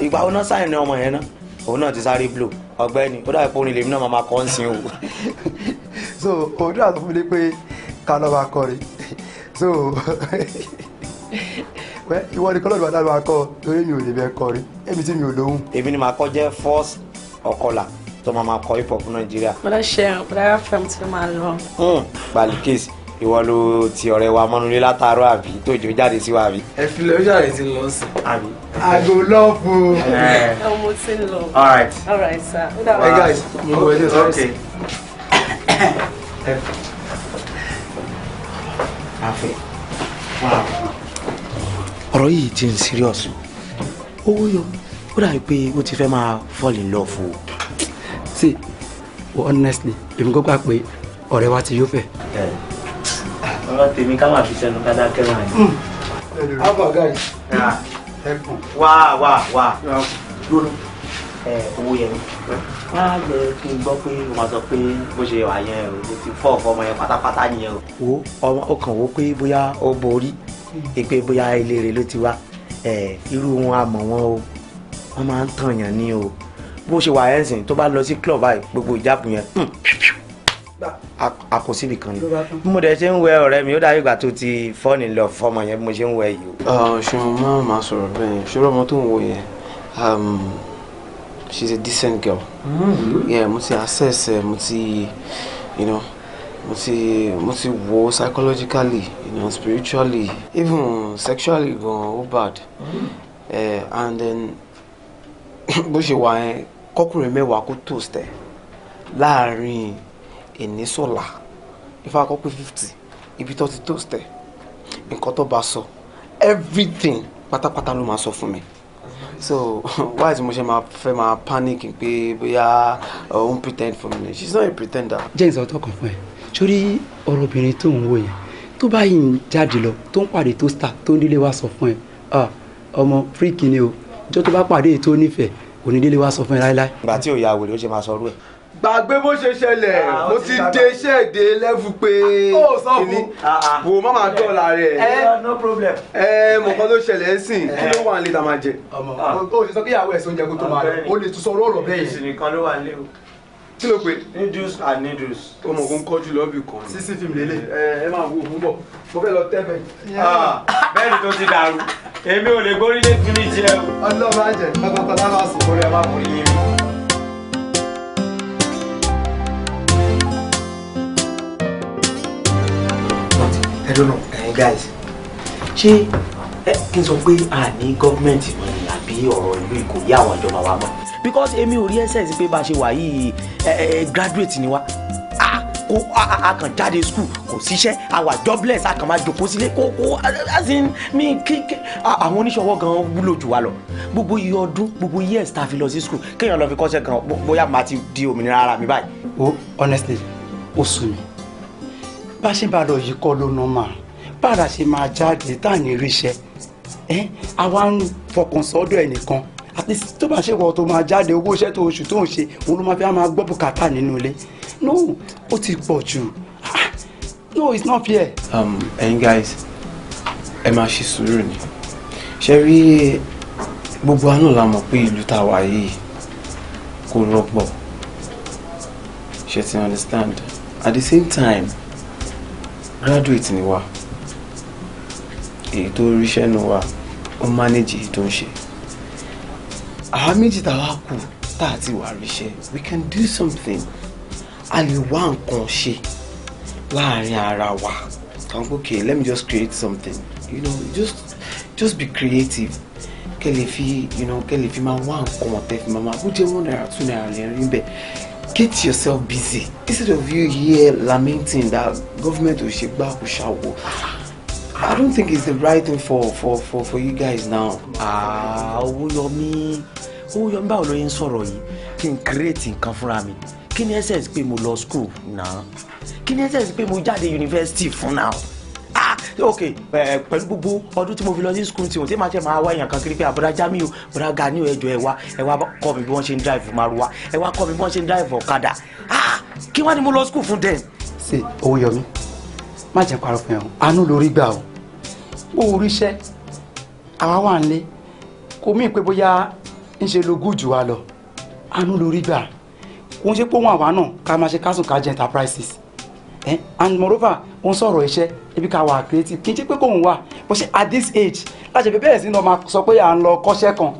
ìgbà wo náà sáyẹn ní ọmọ yẹn náà òun náà ti sáré blow ọ̀gbẹ́ni ó dàbí pọnrin lèmi náà máa ma kọ́ ń sin o. so òun náà sọ fún pé ká lọ́ọ́ máa kọrin so ìwọ ni kọ́lọ́ọ̀dù bàtà máa kọ́ torí mi ò lè bẹ́ẹ̀ kọrin èmi tí mi ò lóhùn. èmi ni màá kọ́ jẹ́ first ọ̀kọlà tó máa máa kọ hip hop nàìjíríà. mo lọ ṣe ìrànlọ́wọ́ fẹ́mi tí mo máa lọ. Hmm, Balikesi ìwọ ló ti ọ̀rẹ́ wa mọ́nulé látàárọ̀ àbí tòjò jáde sí wa àbí. ẹ filẹ̀ ó jáde ti lọ sí. àbí. àgò lọ́ọ̀fù. ẹ mo ti ń lọ. all right. all right sir. Hey guys mo wọ ilé sọ́ọ̀sì. àfẹ ọ̀rọ̀ yìí ti ń serious owó yọ ó dàbí pé ó ti fẹ́ máa fall in love o. see honestly èmi gbọ́gbà pé ọ̀rẹ́ wa ti yóò fẹ́. Yeah ọ̀rọ̀ tèmi ká máa fi sẹ́nu ká dákẹ́ láàyè. àbọ̀ guys. wá wá wá lónìí owó yẹn ni wá lọ kí n gbọ́ pé wọ́n sọ pé bó ṣe wà yẹn o ló ti fọ́ ọ̀fọ́ ọmọ yẹn pátápátá yẹn o. wo ọmọ ó kàn wó pé bóyá ó borí hmm. pé bóyá ilé rẹ ló ti wá irú wọn a mọ̀ wọn o wọ́n máa ń tàn yàn ní o bó ṣe wà yẹn sìn tó bá lọ sí club báyìí gbogbo ìjápù yẹn hmm, àkọsí nìkan ni mo dẹ̀ ṣe ń wẹ ọ̀rẹ́ mi ó dàbí ìgbà tó ti fọ́ọ̀nì lọ fọmọ yẹn mo ṣe ń wẹ yìí o. ṣùgbọ́n máa sọ̀rọ̀ bẹ́ẹ̀ ṣòro ọmọ tó ń wo yẹn um, she's a decent girl mm, yeah mo ti assess mo ti you know mo ti mo ti wo psychologically you know spiritually even sexually gan o bad uh, and then bó ṣe wà yẹn kọkùnrin mẹ́wàá kó toast ẹ̀ láàárín èníṣọ̀la ifá kọ́ pé fifty ibi tó ti toast ẹ̀ nǹkan tó bá sọ everything pátápátá ló máa sọ fún mi so why is mo ṣe máa fẹ́ máa panic pé bóyá uh, ó ń pretend for me she is not a pretender. jẹ́ ìsọ̀rọ̀ tó kàn fún ẹ sórí ọ̀rọ̀ obìnrin tó ń wò yẹn tó bá yìí ń jáde lọ tó ń pàdé tó star tó ń délé wá sọ fún ẹ ọmọ freak ni o ìjọ tó bá pàdé tó nífẹ̀ẹ́ onídélé wá sọ fún ẹ láéláé. ìgbà tí ò ya wèrè ó ṣe máa sọ ọrú ẹ gbàgbé bó ṣe ṣẹlẹ̀ mo ti dé iṣẹ́ èdè lẹ́fù pé kìíní wò má máa dọ́ọ̀la rẹ̀ ẹ mọ̀ kan ló ṣẹlẹ̀ ń sìn kí ló wà ń lé máa jẹ. o ṣe sọ pé ìyàwó ẹ̀sìn oúnjẹ kó tó máa rẹ̀ o lè tún sọ ọ̀rọ̀ bẹ́ẹ̀. èsì nìkan ló wà ń o. kí ló pe. needles and needles. o mọ̀ kó ń kọ́ jù lọ́ọ̀bì kan. sísí fíìmù lélẹ̀. ẹ ẹ máa wo òun bọ̀ mo fẹ́ lọ tẹ́ bẹ́ẹ̀ni tó ti dàrú èmi ò lè gbórílé fún I don't know ẹ̀yin eh, guys She eh, kí n sọ pé a ní gọ́ọ̀mẹ̀ntì mọ́ ni àbí ọ̀rọ̀ ìlú because Amy ò rí ẹsẹ̀ sí pé bá a ṣe wà yìí eh, graduate ni wa kó a kàn jáde school ko síṣẹ́ a wà jobless a kàn máa jòkó sílé kó as in mi kí àwọn oníṣòwò gan wúlò jù wá lọ gbogbo iye ọdún gbogbo years tá fi lọ sí school kéèyàn lọ fi kọ́ṣẹ́ gan bóyá màá ti di òmìnira ara mi báyìí. Oh honestly ó sú mi bá ṣe bá lọ yìí kọ́ ló nọ́mà bára ṣe máa jáde tá à ní ríṣẹ́ ẹ àwa ń fọkàn sọ́dọ̀ ẹnìkan àti tó bá ṣe wọ tó máa jáde owó iṣẹ́ tó oṣù tó ń ṣe òun ló máa fi máa gbọ́ bùkátà nínú ilé no ó ti pọ̀ jù ah, no it's not fair. um ẹ̀yin guys ẹ máa ṣe sùúrù ni ṣe rí gbogbo àánú la mọ̀ pé ìlú tá a wà yìí kò rọgbọ ṣe ti understand at the same time graduate ni wa èyí tó ríṣẹ́ nu wa ó manage èyí tó ń ṣe àwa méjì tàwa kù tá a ti wà ríṣẹ́ we can do something a lè wá nǹkan ṣe láàrin ara wa kan okay let me just create something you know just just be creative kẹ́ fi you know kẹ́ fi máa wá nǹkan ọ̀tẹ̀ fi máa máa bó jẹ́ one naira two naira lè rí bẹ́ẹ̀ Get yourself busy. Instead of you here lamenting that government will shake back will shower. I don't think it's the right thing for for for for you guys now. Ah, Owóyọmí, Owóyọmí báwo ló yẹn sọ̀rọ̀ yìí? Kí n create nǹkan fúnra mi. Kí ni essence pé mo lọ school náà? Kí ni essence pé mo jáde university for now ok pẹ̀lú gbogbo ọdún tí mo fi lọ ní skul tí mo ti máa ṣe máa wá èèyàn kan kiri pé àbúrò jami o bùrọ̀ ga ní ẹjọ́ ẹ wá ẹ wá kọ́ mi bí wọ́n ṣe ń drive maruwa ẹ wá kọ́ mi bí wọ́n ṣe ń drive ọ̀kadà ah kí wọ́n ní mo lọ skul fún dem. ṣe owó yọmí má jẹ́ parọ́ fún ẹ o àánú lórí gbà o bó o ríṣẹ́ àwa wà nílé kò mí pé bóyá ń ṣe lo gúùjù wa lọ àánú lórí gbà kò ń ṣe pé òun àwa náà ká máa ṣe kásùn ká jẹ enterprises Eh? and moreover ó ń sọ̀rọ̀ iṣẹ́ ibi ká wà creative kì í ṣe pé kò ń wà bó ṣe at this age láti fi bẹ́ẹ̀ sí lọ máa sọ pé à ń lọ kọ́ṣẹ́ kan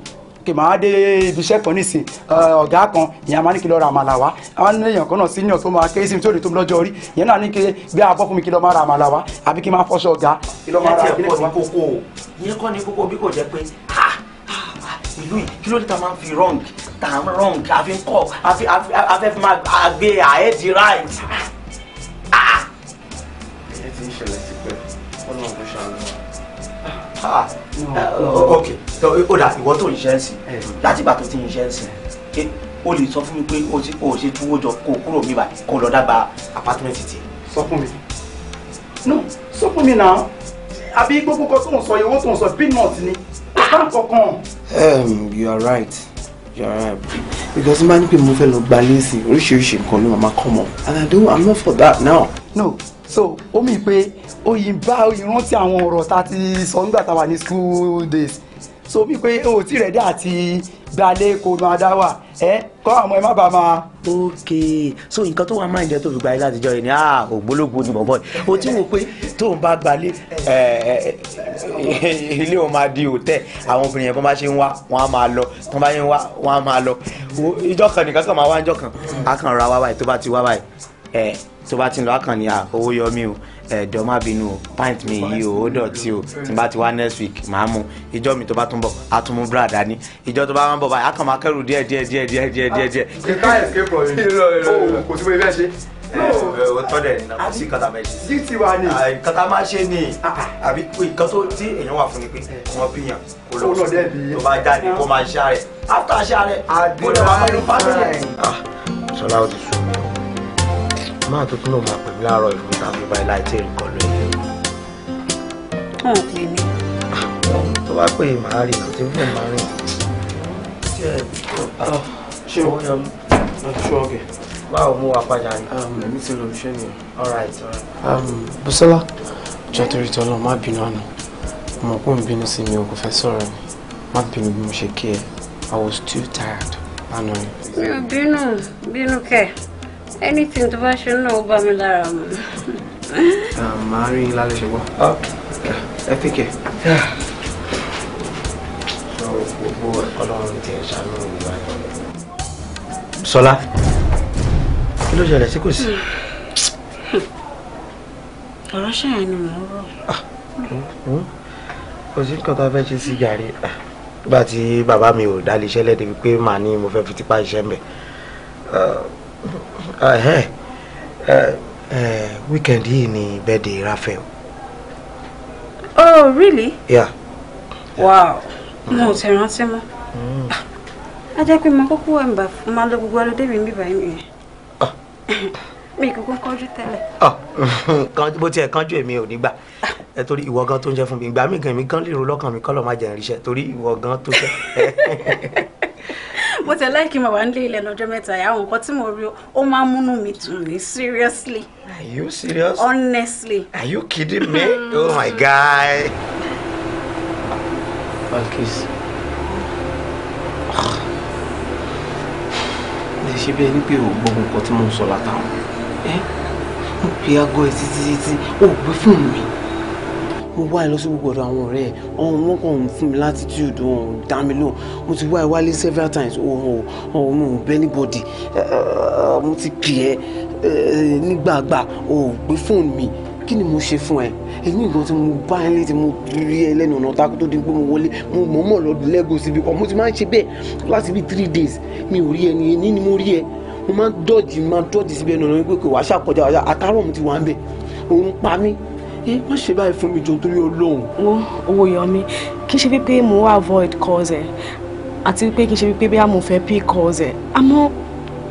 kì máa dé ibi kan nísìn eh, ọ̀gá kan ìyá máa ní kí lọ ra àmàlà àwọn èèyàn kan náà senior tó máa kérésìmí tó lè tó lọ́jọ́ orí ìyẹn náà ní kí bí a bọ́ fún mi kí lọ máa ra àmàlà wá àbí kí máa fọṣọ ọ̀gá kí lọ máa ra àmàlà wá. ìyẹn kọ́ ni kókó bí kò jẹ́ pé ìlú yìí kí ló dé ta máa ń ṣẹlẹ̀ ti pẹ́ ọlọ́run ló ṣàánú wa. Eh, ok so ó dà ìwọ tó ń ṣe ń sìn eh. láti ìgbà tó ti o lè sọ fún mi pé o ti o ṣe túwó jọ kó o kúrò mi báyìí kó o lọ dábàá apátúmẹ̀tì tì. sọ fún mi. no sọ fún mi náà àbí gbogbo kan tó ń sọ owó tó ń sọ peanut ni kò bá kankan. you are right you are right because n bá ní pé mo fẹ́ lọ gba léèsì oríṣiríṣi nǹkan ló máa kọ́ mọ́ and i don't i'm not for that now. no so ó mì pé oyin bá ìrántí àwọn ọ̀rọ̀ tá ti sọ nígbà tá a wà ní school days so bí pé o ti rẹ̀ dé àti gbalẹ̀ kò máa dá wà ẹ kọ́ àwọn ẹ má bàa máa. ok so nǹkan tó wà máa ń jẹ tó fi gba ilé àtijọ́ yìí ni ah ògbólógbò ni bọ̀bọ̀ yìí o ti wò pé tó ń bá gbalẹ̀ ilé wọn máa di hòtẹ́ẹ̀ àwọn obìnrin yẹn bọ́n bá ṣe ń wá wọn á máa lọ tán bá ṣe ń wá wọn á máa lọ ìjọ kan nìkan kan máa wá ìjọ kan a kàn ra wá báyìí tó bá ti wá báyìí tó bá ti lọ àkàn ní à owó yọ mí o ẹ̀ẹ́dọ́ má bínú o pint mi yìí o ó dọ̀tí o tí n bá ti wá next week màá mu ìjọ mi tó bá tún bọ̀ á tún mú búrà dání ìjọ tó bá wá ń bọ̀ báyìí á kàn máa kẹ́rù díẹ̀ díẹ̀ díẹ̀ díẹ̀ díẹ̀ díẹ̀ díẹ̀. kíkà escape from it oh, kò sí pé ibẹ̀ ṣe. o tọ́ dẹ̀ nà kò sí kàtà mẹ́ ṣe. gt wa ni. kàtà máa ṣe ni ah, ah. àbí nǹkan tó tí èèyàn wà fún ni pé wọ́n bí yàn kó lọ sí tó bá jáde kó máa ṣá rẹ̀ after ṣá rẹ̀ kó lọ wá mọ́ máa tó tún lòun máa pè mí láàárọ̀ ìlú tàbí báyìí láì tí ì kọ́ lóyún. wọn ò pè mí. tó bá pè màá rìn àti fún màá rìn. Ah, ṣé o yà mú ṣọ́ ọ̀gẹ̀. báwo mú wa padà ní. èmi ti lọ iṣẹ́ nìyẹn. alright alright. Ah, Bùsọ́lá jọ torí tí ọlọ́run má bínú àná mo kò ń bínú sí mi ò kò fẹ́ sọ̀rọ̀ ni má bínú bí mo ṣe kí ẹ I was too tired lánàá ni. mi ò bínú bínú kẹ́ ẹ̀ anything to bá ṣe ń náà ó bá mi lára mu. Um, màá rí yín lálẹ́ ṣe ah. wá ẹ fi kẹ. gbogbo ọlọ́run ti ẹ̀ ṣàánú ìwà ẹ̀. Ṣọlá kí ló ṣẹlẹ̀ sí kò sí. ọ̀rọ̀ ṣẹ̀yìn ni mò ń rọ̀. Ah, hmm, hmm. kò sí nǹkan tá a fẹ́ ṣe sí jàre ah, nígbà tí bàbá mi ò dá lè ṣẹlẹ̀ débi pé màá ní mo fẹ́ fi weekend yìí ni birthday Raphael. oh really. yeah. wow mo ò tẹ̀ rántí mọ́ mm. a jẹ́ pé mo kúkú ẹ̀ ń bà fún ma lọ gbogbo ọlọ́dẹ mi bíbá ah. mi yẹn mi kúkú kánjú tẹ́lẹ̀. Ah, bó tiẹ̀ kánjú èmi ò ní gbà ẹ torí ìwọ gan tó ń jẹ́ fún mi ìgbà mi gan mi gan lè ro lọ́kàn mi kọ́ lọ́ọ́ má jẹ́ irinṣẹ́ torí ìwọ gan tó jẹ́. mo tẹ̀ láìkí màá wà nílé ilẹ̀ lọ́jọ́ mẹ́ta yà àwọn nǹkan tí mo rí ó máa ń múnú mi dùn ní seriously. are you serious. honestly. are you kidding me. oh my guy. Balkis. ẹ ṣe bí ẹni pé o gbọ́ nǹkan tí mo ń sọ látàwọn ẹ mo pe aago ẹ títí títí o gbé fóònù mi mo wá ẹ lọ sí gbogbo ọ̀dọ̀ àwọn ọ̀rẹ́ ẹ̀ ọ̀hún wọn kàn ń fún mi latitude ọ̀hún dá mi lóhùn mo ti wá ẹ wálé several times ọ̀hún ọ̀hún ò bẹ́ anybody mo ti pè ẹ nígbàgbà ò gbé fóònù mi kí ni mo ṣe fún ẹ èyí nǹkan tí mo bá ẹ létí mo rí ẹ lẹ́nu ọ̀nà tako tó di pé mo wọlé mo mọ̀ọ́mọ̀ lọ́dún lẹ́gùn síbi kan mo ti máa ń ṣe bẹ́ẹ̀ láti bí three days mi ò rí ẹ ní ẹni ni mo rí ẹ mo máa ń dọ́ọ̀jì máa ń dọ́ọ̀jì síbi ẹnu ọ̀nà wípé kò wá ṣàkọjá àtàrọ̀ mo ti wà ń bẹ̀ òun pa mí ẹ má ṣe báyìí fún mi jọ nítorí Ọlọ́run. wo owó Yomi kì í ṣe wípé mo wá avoid calls ẹ àti wípé kì í ṣe wípé bí a mọ̀ fẹ́ pay calls ẹ àmọ́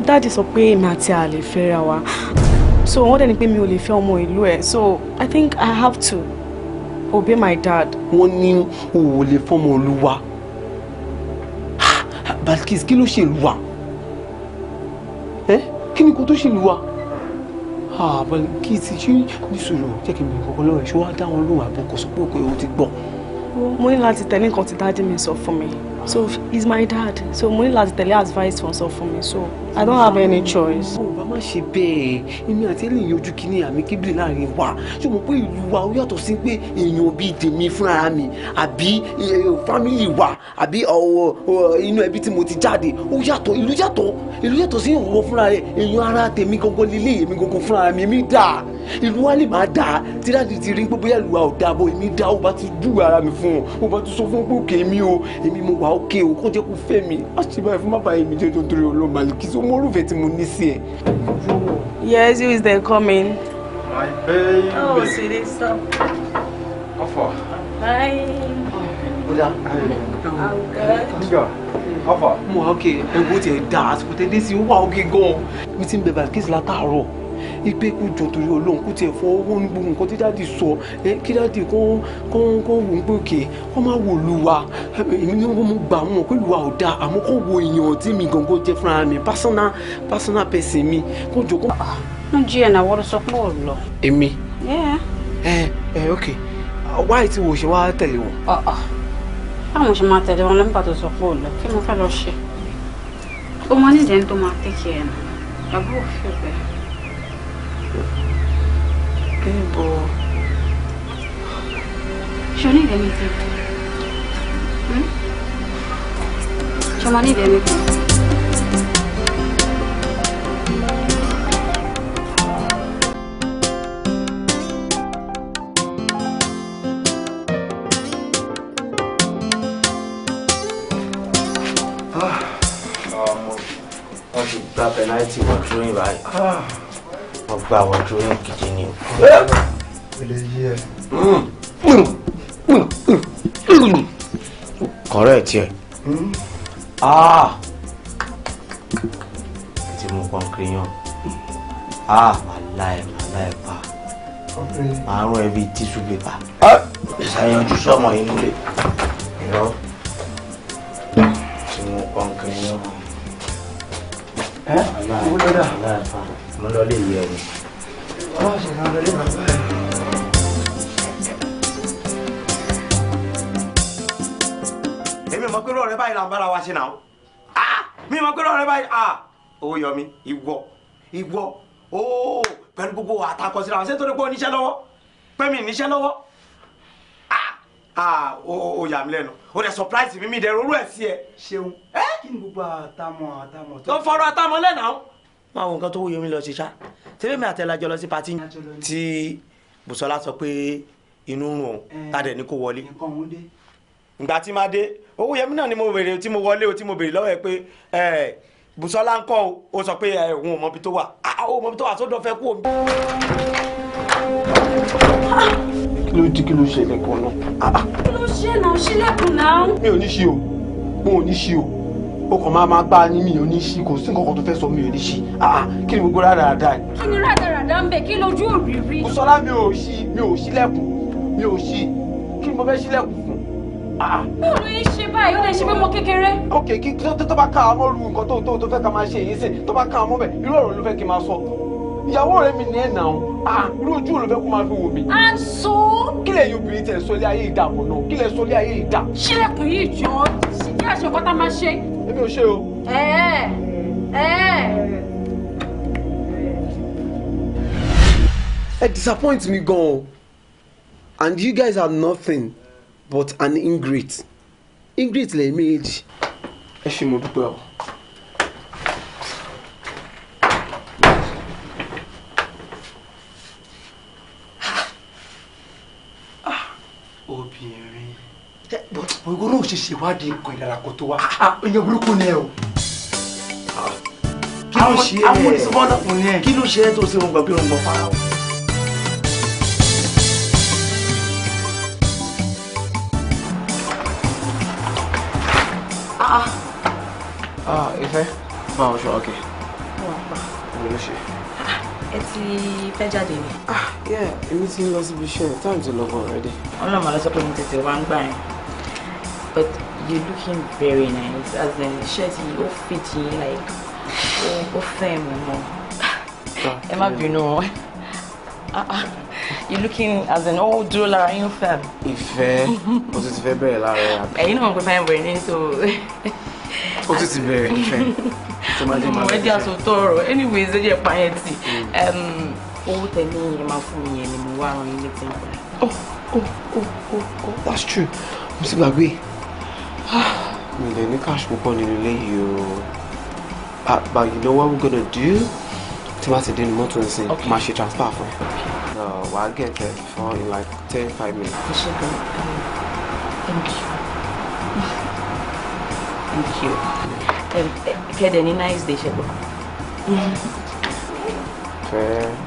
dáàdì sọ pé èmi àti àlè fẹ́ra wa so wọ́n dẹ̀ ni pé mi ò lè fẹ́ ọmọ ìlú ẹ̀ so I think I have to obey my dad. wọ́n ní òwò lè fọ́mọ olúwa Balkis kí ló ṣe lù wá kí ni kò tó ṣe lù wá àbọ̀ kí ti ṣe níṣòro jẹ́ kí n bẹ̀rẹ̀ kọ́kọ́ lọ́wọ́ ẹ̀ ṣé wàá dá wọn lóhùn àbọ̀ kò sọ pé òkè òun ti gbọ́. mo ní láti tẹ̀lé nǹkan tí dájú mi sọ fún mi so he's my dad so mo ní láti tẹ̀lé advice for sọ fún mi so i don't have any choice. o bá má ṣe bẹ́ẹ̀ èmi àti eléyìí ojú kìíní We kébìlì láàrin wa ṣé mo pé ìlú wa ó yàtọ̀ sí pé èèyàn bíi tèmi fúnra mi àbí fámìlì wa àbí inú ẹbí tí mo ti jáde ó yàtọ̀ ìlú yàtọ̀ ìlú yàtọ̀ sí ìwọ fúnra rẹ èèyàn ara tèmi gangan lílé èmi gangan fúnra mi go dà ìlú wa lè máa dà are láti ti rí pé bóyá ìlú wa ò dà bó èmi dà ó bá We dùn to do fún ọ ó bá ti sọ fún pé òkè mi o èmi mo wà òkè o kó jẹ́ kó fẹ́ mi á ti báyìí fún bàbá yìí mi jẹ́ nítorí olóòmà lùkì tó mọ́ olùfẹ́ tí mo ní sí ẹ. yes you is there coming. my baby. oh sweetie stop. ọfọ. bye. ọ̀dà nígbà ọfọ. mo wà ókè ẹ̀gbọ́n tiẹ̀ dá àsìkò tẹ́ dé sí i ó wà ókè gan-an. mi ti ń bẹ̀ bàkísì látàárọ̀ ipe kú jọ torí Ọlọ́run kú tiẹ̀ fọ owó ní gbogbo nǹkan tí dáàdì sọ kí dáàdì kán kán kán wò ó pé òkè kán má wò lùwà èmi ni wọ́n mú gbà wọn pé lùwà ò dáa àmọ́ kán wo èèyàn tí mi gangan jẹ́ fúnra mi personal personal person mi kán jọ kán. ń jí náà wọ́n sọ pé ò lọ. èmi. ẹ ẹ ok wáyé tí wo ṣe wá tẹ̀lé wọn. Ah, ah. báwo ṣe máa tẹ̀lé wọn lẹ́mbà tó sọ pé ò lọ kí mo fẹ́ lọ ṣe. ó máa Bimbo. She'll need Ah, ah, She'll need anything. gba pẹ̀láìtì wọ̀dúróyìn báyìí wọ́n gba wọ̀dúróyìn gidi ni o. kọ̀rẹ́ tiẹ̀ ti mú kọ́ńkiri yàn ah, ah. màá la ẹ̀ màá la ẹ̀ pa màá rún ẹ bíi tíṣù pépà ìṣàyànjú sọ́mọ yìí múlẹ̀ ìrọ́ ti mú kọ́ńkiri yàn màá la ẹ̀ pa mo lọ lè yẹ ẹ̀ wọ́n sì máa lọ lé bàbá rẹ̀. èmi mọ̀ pé rọ̀rẹ́ báyìí là ń bára wa ṣe náà ah! mi mọ̀ pé rọ̀rẹ́ báyìí ah! owó yọ mi ìwọ ìwọ ooo pẹ̀lú gbogbo àtakọsíra ṣé torí pé o níṣẹ́ lọ́wọ́ pé mi níṣẹ́ lọ́wọ́ ó ah! yà mí lẹ́nu ó dẹ̀ surprise mi mi dẹ̀ rorú ẹ̀ sí ẹ ṣeun. kí ni gbogbo àtàmọ̀ àtàmọ̀ tó. tó fọ̀rọ̀ àtàmọ̀ lẹ́nà máa wo nǹkan tó wúyọ mi lọ ṣe ṣá tẹ́lẹ̀ mi àtẹ̀lájọ lọ sí patí tí Bùsọ́lá sọ pé inú ń rùn tàdẹ̀ ní kó wọlé ìgbà tí máa dé owó yẹmi náà ni mo béèrè tí mo wọlé o tí mo béèrè lọ́wọ́ ẹ pé Bùsọ́lá ń kọ́ o sọ pé òun ò mọbi tó wà ó mọbi tó wà sódò fẹ́ kú omi. kí ló di kí ló ṣe lẹ́kọ̀ọ́ náà. kí ló ṣe náà ṣílẹ̀kùn náà. mi ò ní ṣe o mo ò ní ṣe o o kàn máa máa bá ní mi ò ní ṣí kò sí nǹkan kan tó fẹ́ sọ mi ò ní ṣí ah, ah, kí ni gbogbo rádaràda ẹ̀. kí ni rádaràda ń bẹ kí lójú òrìrì. mo sọlá mi ò ṣí mi ò ṣí lẹ́kùn mi ò ṣí kí ni mo fẹ́ ṣí lẹ́kùn fún. Ah, báwo ló ṣe báyìí ó lè ṣe pé mo kékeré. ok kí tó bá ká àmọ́ lu nǹkan tó tó fẹ́ ká máa ṣe èyí sè tó bá ká àmọ́ bẹ̀ irú ọ̀rọ̀ ló fẹ́ kí n máa sọ ìyàwó rẹ mi ní ẹ̀ nà ó irú ojú ò ló fẹ́ kó máa fi wò mí. and so. kílẹ̀ yóò bìrì tẹ̀ sọlé ayé ìdààmú náà kílẹ̀ sọlé ayé ìdà. ṣílẹ̀kùn yìí jọ ṣìkí àṣekọ́ta máa ṣe èmi ò ṣe o. ẹ̀ẹ́ ẹ̀ẹ́. ẹ disappoint me gan o and you guys are nothing but an ingrate ingrate lè méjì ẹ ṣe mo dúpẹ́ o. náà ṣe ṣèwádìí nǹkan ìlara kò tó wá ah, ah, èèyàn burúkú ni ẹ o. kí ló ṣe é àwọn ìsọfọ́nàkùnrin ẹ kí ló ṣe é tó ṣe wọn gbàgbé wọn gbọ́ fara o. Ah. Ah, ah Ifẹ̀. Bá ọṣọ ọkẹ̀. Wọ́n pa. Èmi ló ṣe. Ẹ ti fẹ́ jáde ni. Ah, yeah, èmi ti ń lọ síbi iṣẹ́. Time ti lọ gan already. Ọlọ́run máa lọ sọ pé mo tètè wá ń gbà yẹn but you're looking very nice as in shirt yìí ó fit like all firm, mi mọ́ ẹ má bínú o you're looking as an old dúró lára yín firm. ìfẹ́ Because it's very bad, bẹ̀rẹ̀ lára ẹ̀ àbí. ẹ̀yin náà mo pe so. o ti ti bẹ̀rẹ̀ ìfẹ́ tó máa jẹ́ máa bẹ̀rẹ̀. ẹ̀dí àsòtò ọ̀rọ̀ anyways ẹ jẹ́ Um, tì mm. owó tẹ̀lé yẹn máa fún mi yẹn ni mo wá rán yín oh, oh oh oh oh that's true mo ti gbàgbé mi lè ní cash púpọ̀ nínú ilé yìí o but you know what we're gonna do tí wọ́n ti dín ní mọ́tò ń sìn máa transfer for. ẹ wà á get there for in like ten five minutes. ẹ ṣe gan thank you thank you kẹ́dẹ̀ um, eh, ní nice day ṣe gbọ́. fẹ́ẹ́.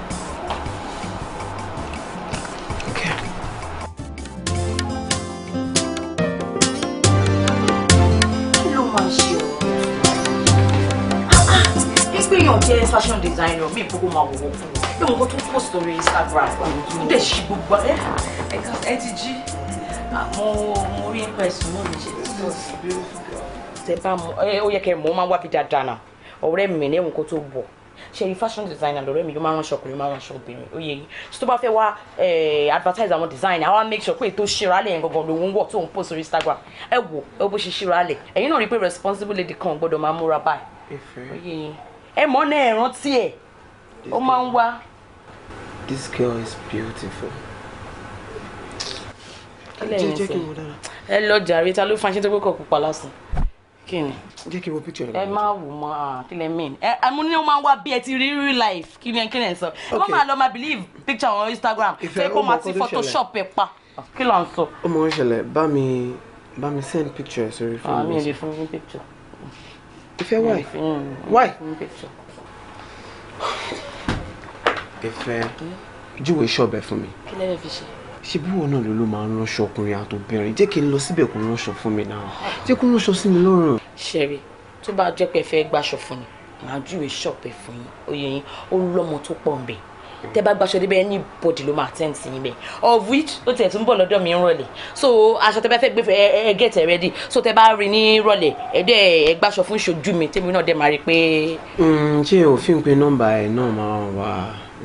jẹ́ fashion designer mi ìfowó máa wọ̀wọ́ fún mi bí mo kọ́ tó post lórí Instagram ó dẹ̀ ṣì gbogbo ẹ̀ ẹ ti jí ah, mo mo rí ẹ̀pẹ̀ sùn mo lè ṣe tẹ bá mu ẹ ó yẹ kẹ mọ máa wá bí dáadáa náà ọ̀rẹ́ mi lẹ́wọ̀n kó tó bọ̀ ṣe ni fashion designer lọ́rẹ́ mi yóò máa ránṣọ ọkùnrin máa ránṣọ obìnrin ó yẹ yín tó bá fẹ́ wá advertise àwọn design àwa make sure pé ètò ṣíralẹ̀ yẹn gangan lòun wọ̀ tóun post orí Instagram ẹ wò ẹ bó ṣe ṣíralẹ̀ ẹ̀yin náà rí i pé responsible lady kan gbọ́dọ̀ máa múra báyìí ó yẹ yín ẹ náà ẹ rántí ẹ̀ ó máa ń wá. This girl is beautiful. jẹ́ kí n wo dára. ẹ lọ jàre ta ló fa ṣe tó pé pupa lásán kí ni. jẹ́ kí n wo picture rẹ̀. ẹ máa wò mọ́ kí lẹ mean ẹ amúni ó máa ń wá bí ẹ ti rí real life kí ni kí ni ẹ sọ. ok wọ́n máa lọ máa believe picture on Instagram fẹ́ kó máa ti photoshop ẹ pa kí ló ń sọ. ó mọ̀ ń ṣẹlẹ̀ bá mi bá mi send picture sórí fóònù mi. àmì ìdí fún mi picture. Ìfẹ́ why? Why? Ìfẹ́ júwe ṣọ́ọ̀bẹ fún mi. Kí lẹ́yìn fi ṣe? Ṣé bí wọn náà ló ló máa ń ránṣọ ọkùnrin àtòbìnrin? Jẹ́ kí n lọ síbẹ̀ kó ránṣọ fún mi náà. Jẹ́ kó ránṣọ sí mi lọ́rùn. Ṣẹ̀rí, tó bá jẹ́ pé ẹ fẹ́ gbàṣọ fún mi, màá júwe shop fún yín. Oyè yín, ó lọ́mọ tó pọ̀ ń bẹ̀ tẹ bá gbaṣọ débẹ̀ ẹni bọ̀dì ló máa tẹ́ǹtì sí ibẹ̀ of which ó tiẹ̀ tún bọ̀ lọ́dọ̀ mi rọ̀lẹ̀ so aṣọ tẹ bá fẹ́ gbé ẹ get ẹ ready so tẹ bá rí ní rọ̀lẹ̀ ẹ dẹ́ ẹ gbaṣọ fún ìṣojú mi tèmi náà dẹ́ máa rí i pé. Mm, ṣé òfin pé nọ́mbà ẹ náà máa wà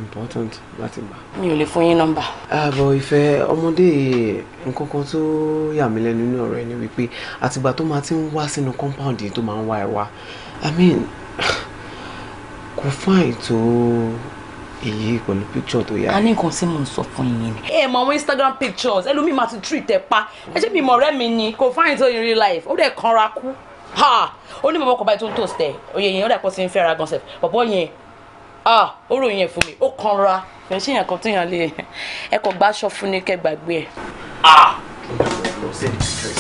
important láti gbà. mi ò lè fún yín nọ́mbà. ààbọ̀ ìfẹ́ ọmọdé nǹkan kan tó yà mí lẹ́nu ní ọ̀rọ̀ ẹ ni wípé àtìgbà tó máa ti ń wá sínú compound yìí tó máa ń wá ẹ wá i mean kò fáìn tó èyí pẹ̀lú picture tó yá. a ní nǹkan tí mò ń sọ fún yín ni. ẹ mọ àwọn instagram pictures ẹlòmíì máa ti treat ẹ pa ẹ ṣe mi mọ ọ̀rẹ́ mi ni kò fáyín tó in real life ó dẹ̀ kanra kú ha ó ní bàbá ọkọ báyìí tó ń toast ẹ oyè yẹn ó dẹ̀ pọ̀ sí ń fẹ́ ara gan sef bàbá yẹn ah ó ròyìn ẹ̀ fún mi ó kanra ẹ ṣe yàn kan tó yàn lé e. ẹ kò gbá aṣọ fún ní kẹ gbàgbé ẹ. ah kí ló ń sẹ́yìn picture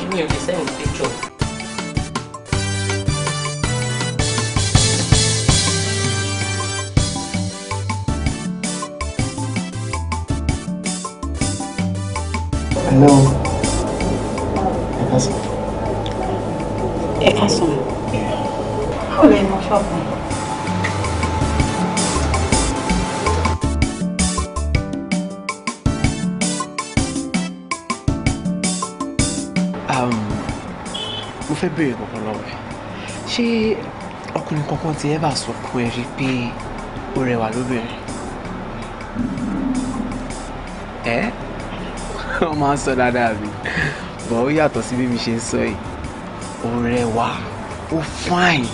ẹ̀ mi ò lè sẹ́yìn picture. hello ẹ ká sàn. ẹ ká sàn. báwo lè mọ ṣọ́ọ̀bù. mo fẹ́ béèrè kankan lọ́wọ́ ẹ̀ ṣé ọkùnrin kankan ti ẹ bá sọ fún ẹ rí pé ó rẹwà lóbìnrin. ẹ wọ́n máa ń sọ dáadáa mi bọ̀ ó yàtọ̀ sí bí mi ṣe ń sọ yìí ó rẹwà ó fáìn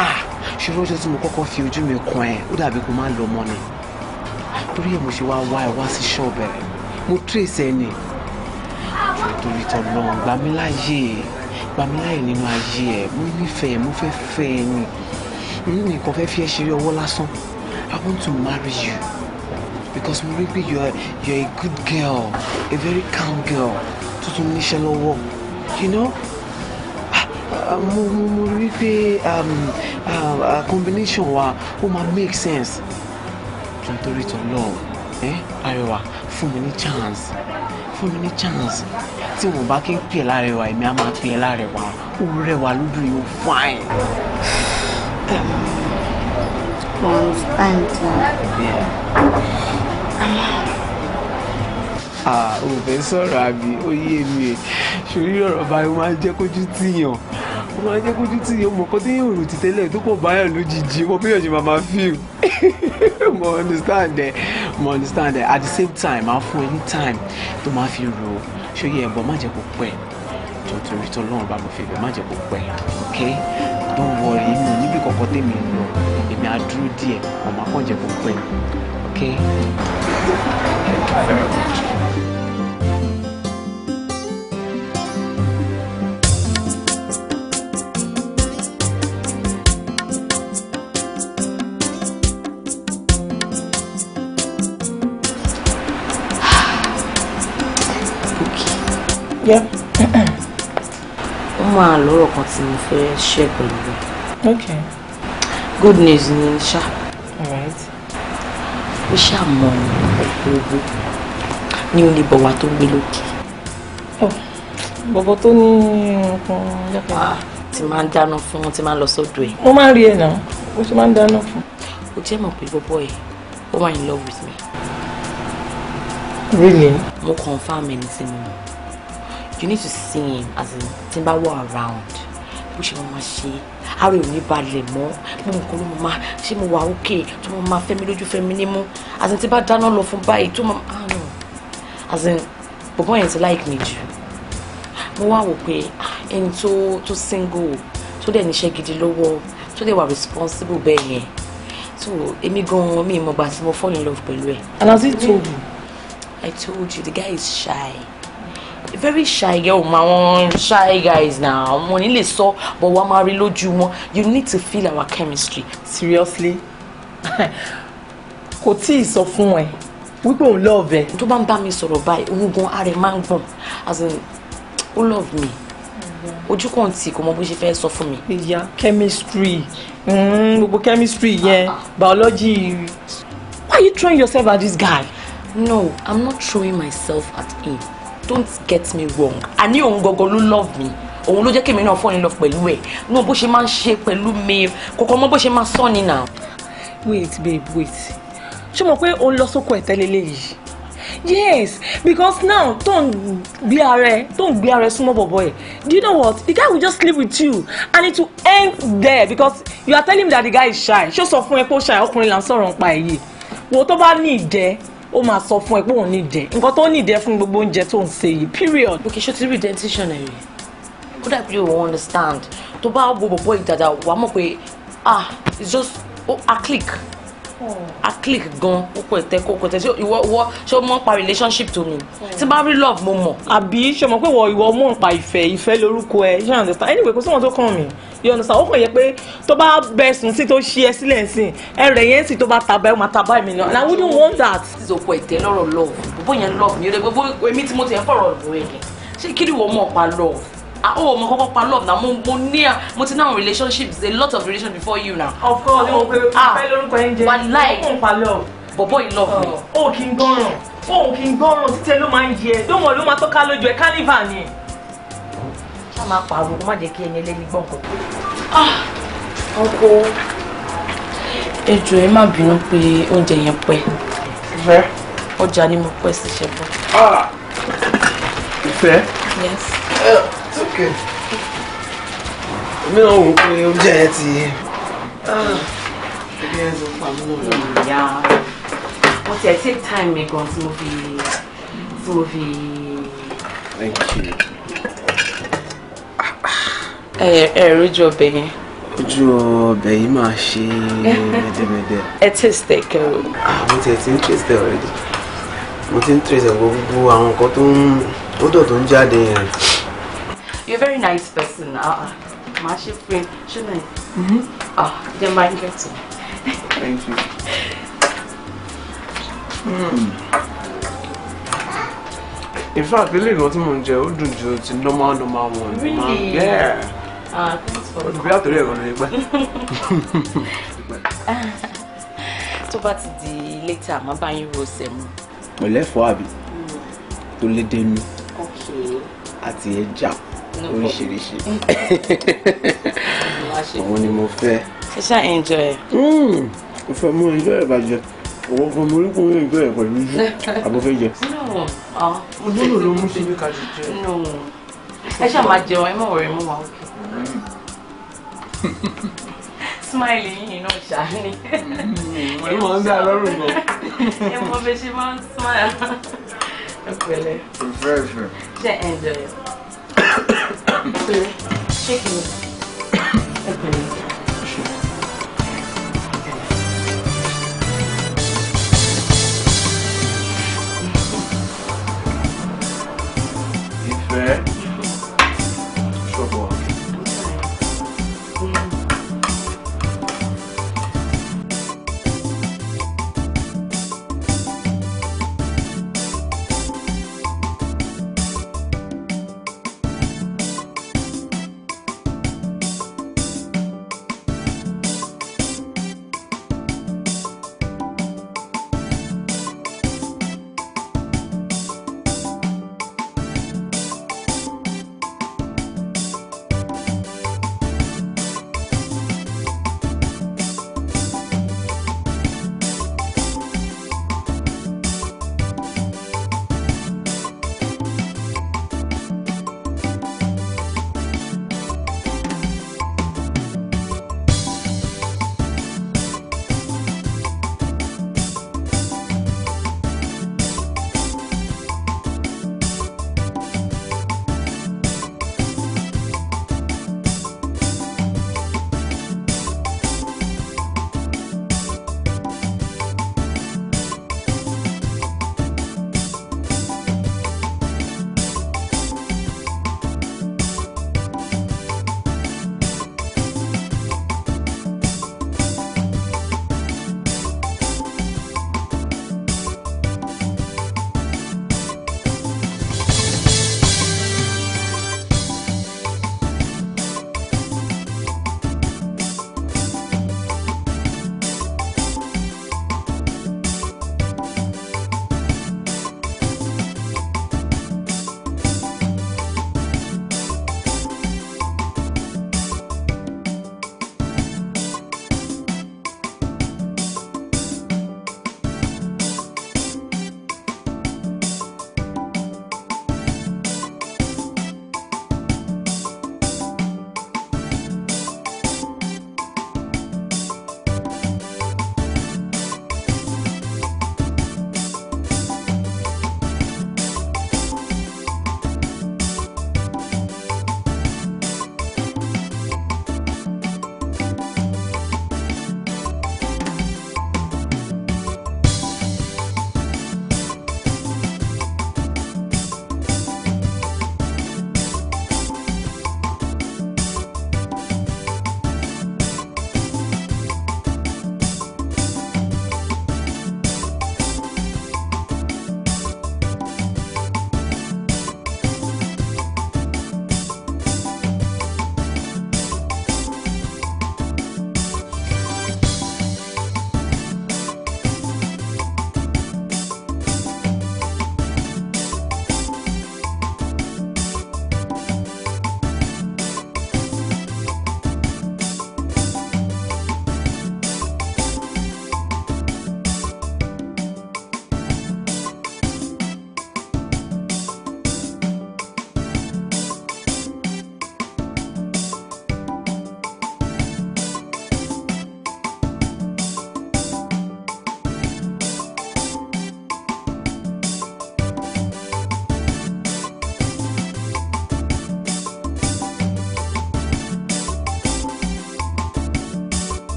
ah ṣùgbọ́n ṣe tí mo kọ́kọ́ fi ojú mi kan ẹ̀ ó dàbí kó má lọ mọ́ ni torí ẹ̀ mo ṣe wá wá ẹ̀ wá sí ṣọ́ọ̀bù rẹ̀ mo tírèsì ni torí tọ́lọ́ gbàmíláyè gbàmíláyè nínú ayé ẹ̀ mo nífẹ̀ẹ́ mo fẹ́ fẹ́ ẹ ni nǹkan fẹ́ fi ẹ ṣeré ọwọ́ lásán I want to marry you because mo rí pé you are you a good girl a very calm girl tuntun níṣẹ́ lọ́wọ́ you know ah, mo mo mo rí um, ah, ah, combination wa ó máa make sense tó ń torí tó eh? ẹ Arẹwà many chance fún many chance tí wọn bá kí n pè láàrẹwà èmi á máa pè é láàrẹwà ó rẹwà lójú fine. Um, I understand. Yeah ò fẹ́ sọ̀rọ̀ àbí ó mi ẹ̀ sórí ọ̀rọ̀ báyìí máa ń jẹ́ kójú tìyàn máa ń jẹ́ kójú tìyàn mọ̀ kó téèyàn rò ti tẹ́lẹ̀ tó kàn báyàn lójijì mọ̀ bí ọ̀jẹ̀ màmá fíìm mo understand ẹ mo understand ẹ at the same time máa fún ẹ time tó máa fi rò ó ṣóyè ẹ̀ bọ̀ má jẹ́ kó pẹ́ jọ torí tó lọ́run bá mo fi bẹ̀ má jẹ́ kó pẹ́ ok don't worry mi ò níbi kọ̀ọ̀kan tèmi lọ èmi á dúró díẹ̀ màmá kàn jẹ́ kó pẹ́ ok. Yeah. Ó máa lọ́rọ̀ kan tí mo fẹ́ ṣe pẹ̀lú rẹ̀. Okay. Good news ni ṣá. Alright. Ó ṣàmọ̀ ọ̀pọ̀ owó ní oníbọ̀ wa tó gbé lókè. Oh, bọ̀bọ̀ tó ní nǹkan yàtọ̀. Ah, ti máa ń dáná fún wọn, ti máa ń lọ sọ́dọ̀ ẹ̀. Mo máa ń rí ẹ̀ náà, ó ti máa ń dáná fún. O jẹ́ mọ̀ pé bọ́bọ́ ẹ̀, ó wà in love with me. Really? Mo confirm anything you need to see him as a tí n around bó ṣe mo máa ṣe ara ò ní balẹ̀ mọ́ mo nǹkan ló mo máa ṣé mo wà òkè tó mo máa fẹ́ lójú fẹ́ nímú as in tí bá dáná lọ fún báyìí tó mo máa hàn as in bọ̀bọ̀ yẹn ti like me jù mo wá wò pé ah, ẹni tó tó single tó dẹ̀ níṣẹ́ gidi lọ́wọ́ tó dẹ̀ wà responsible bẹ́ẹ̀ yẹn so èmi gan-an mi ìmọ̀gbà tí mo fall in love pẹ̀lú ẹ̀. and as he told you. I told you the guy is shy very shy girl ma wọn shy guys na wọn ní lè sọ but wọn máa rí lójú wọn you need to feel our chemistry. seriously kò tí so fun. fún ẹ wípé love ẹ. tó bá ń bá mi sọ̀rọ̀ báyìí òun gan ara ẹ̀ máa ń as in ó love me ojú kan tí kò mọ bó ṣe fẹ́ sọ fún mi. ìyá chemistry mm-hmm, gbogbo mm, chemistry yẹn biology why you throwing yourself at this guy. no i'm not throwing myself at him don't get me wrong àní òun gangan ló love me òun ló jẹ́ kí èmi náà fall in love pẹ̀lú ẹ̀ ní bó ṣe máa ń ṣe pẹ̀lú mi kọ̀ọ̀kan mọ́ bó ṣe máa sọ ni now. wait babe wait ṣé mo pé òun lọ sóko ẹ̀ tẹ́lẹ̀ yes because now tó ń gbé ara ẹ tó ń gbé ara ẹ súnmọ́ bọ̀bọ̀ ẹ do you know what the guy will just sleep with you and it will end there because you are telling me that the guy is shy ṣé o sọ fún ẹ pé ó shy ọkùnrin là ń sọ̀rọ̀ ń pa èyí wo tó bá ní ìdẹ́ ó máa sọ fún ẹ pé òun nìdẹ nǹkan tó nìdẹ fún gbogbo oúnjẹ tó ń ṣe yìí period. ok ṣé o ti rí dentition ẹ rí ó dàbí o understand tó bá wo bọ̀bọ̀ ìdàdà wà á mọ̀ pé ah it's just oh, a click a click gan kókó ẹ̀tẹ́ kókó ẹ̀tẹ́ ìwọ ìwọ ṣé o mọ̀ pa relationship to me tí bá rí love mo mọ̀. àbí ṣe mọ̀ pé ìwọ ìwọ mọ̀ pa ìfẹ́ ìfẹ́ lórúkọ ẹ̀ you understand anyway kò sí wọn tó kàn mí you understand ó kàn yẹ pé tó bá bẹ sùn sí tó ṣí ẹ sílẹ̀ sí ẹrẹ̀ yẹn sì tó bá tàbá ẹ̀ máa tàbá mi náà and I wouldn't want that. ìsòkò ẹ̀tẹ́ lọ́rọ̀ love bó yẹn love mi ó lè gbogbo èmi tí mo ti ẹ̀ fọ̀rọ̀ lọ́wọ́ ẹ̀ ṣé kí ni wọ́n mọ̀ pa love Ah, oh, mọ kọ́kọ́ pa love na mo mo ní à mo ti ní relationships a lot of relationships before you na. of course o pe fẹ́ lórúkọ ẹ̀ ń jẹ́ wàláì pa love. bọ̀bọ̀ in love me. ó kì í gbọ́ràn ó oh, kì í gbọ́ràn títẹ ló máa ń jẹ dómọ̀ ló máa tó ká lójú ẹ̀ carnival ni. ṣá máa pààrọ̀ kó má jẹ́ kí ẹni ẹlẹ́ni gbọ́ nǹkan. Ah, ọkọ ẹ jọ̀ọ́ ẹ má bínú pé oúnjẹ yẹn pẹ́ ọjà ni mo pẹ́ sí ṣẹ́gun. Ah, ìfẹ́. yes. Uh mi ò wò pé oúnjẹ yẹn ti ẹbí ẹ sọ pa mí náà lọ́wọ́. ìyá wọ́n ti ẹ̀ take time mi gan tí mo fi tí mo fi. thank you. ẹ ẹ rojú ọbẹ̀ yẹn. ojú ọbẹ̀ yìí máa ṣe mẹ́dẹ́mẹ́dẹ́. ẹ taste ẹ kẹrù. àwọn tí ẹ ti ń taste ẹ already mo ti ń trace ẹ gbogbo àwọn nǹkan tó ń odò tó ń jáde yẹn. You're a very nice person. uh, ah, ah. my ship friend, shouldn't I? Mm-hmm. Ah, uh, then mine gets it. Thank you. Mm. In fact, ilé ìgbọ́n tí mò ń jẹ ó dùn ju normal normal one. Really? Yeah. Ah, thanks for. Bí àtòrí ẹ̀rọ ni ẹgbẹ́. Tó So, but the later, màá bá yín ro sẹ̀mú. left ẹ̀fọ́ àbí hmm. tó lé dénú. Okay. At the edge oríṣiríṣi mm. òun ni mo fẹ́. ṣe ṣá enjoy ẹ. Mm. mo fẹ́ mú enjoy ah. ẹ bàjẹ́ òun kan mo rí kó ń enjoy ẹ pẹ̀lú ju àbúfẹ́ jẹ. mo nílò ló mú síbi ká ti jẹ. ẹ ṣáà máa jẹun ẹ má wọrẹ mú wa òkè. smile yìí náà ṣàánì. ẹ mọ̀ ń dá lọ́rùn gan. ẹ mọ̀ bẹ ṣe máa ń smile. ẹ pẹ̀lẹ́. ṣe enjoy ṣé kí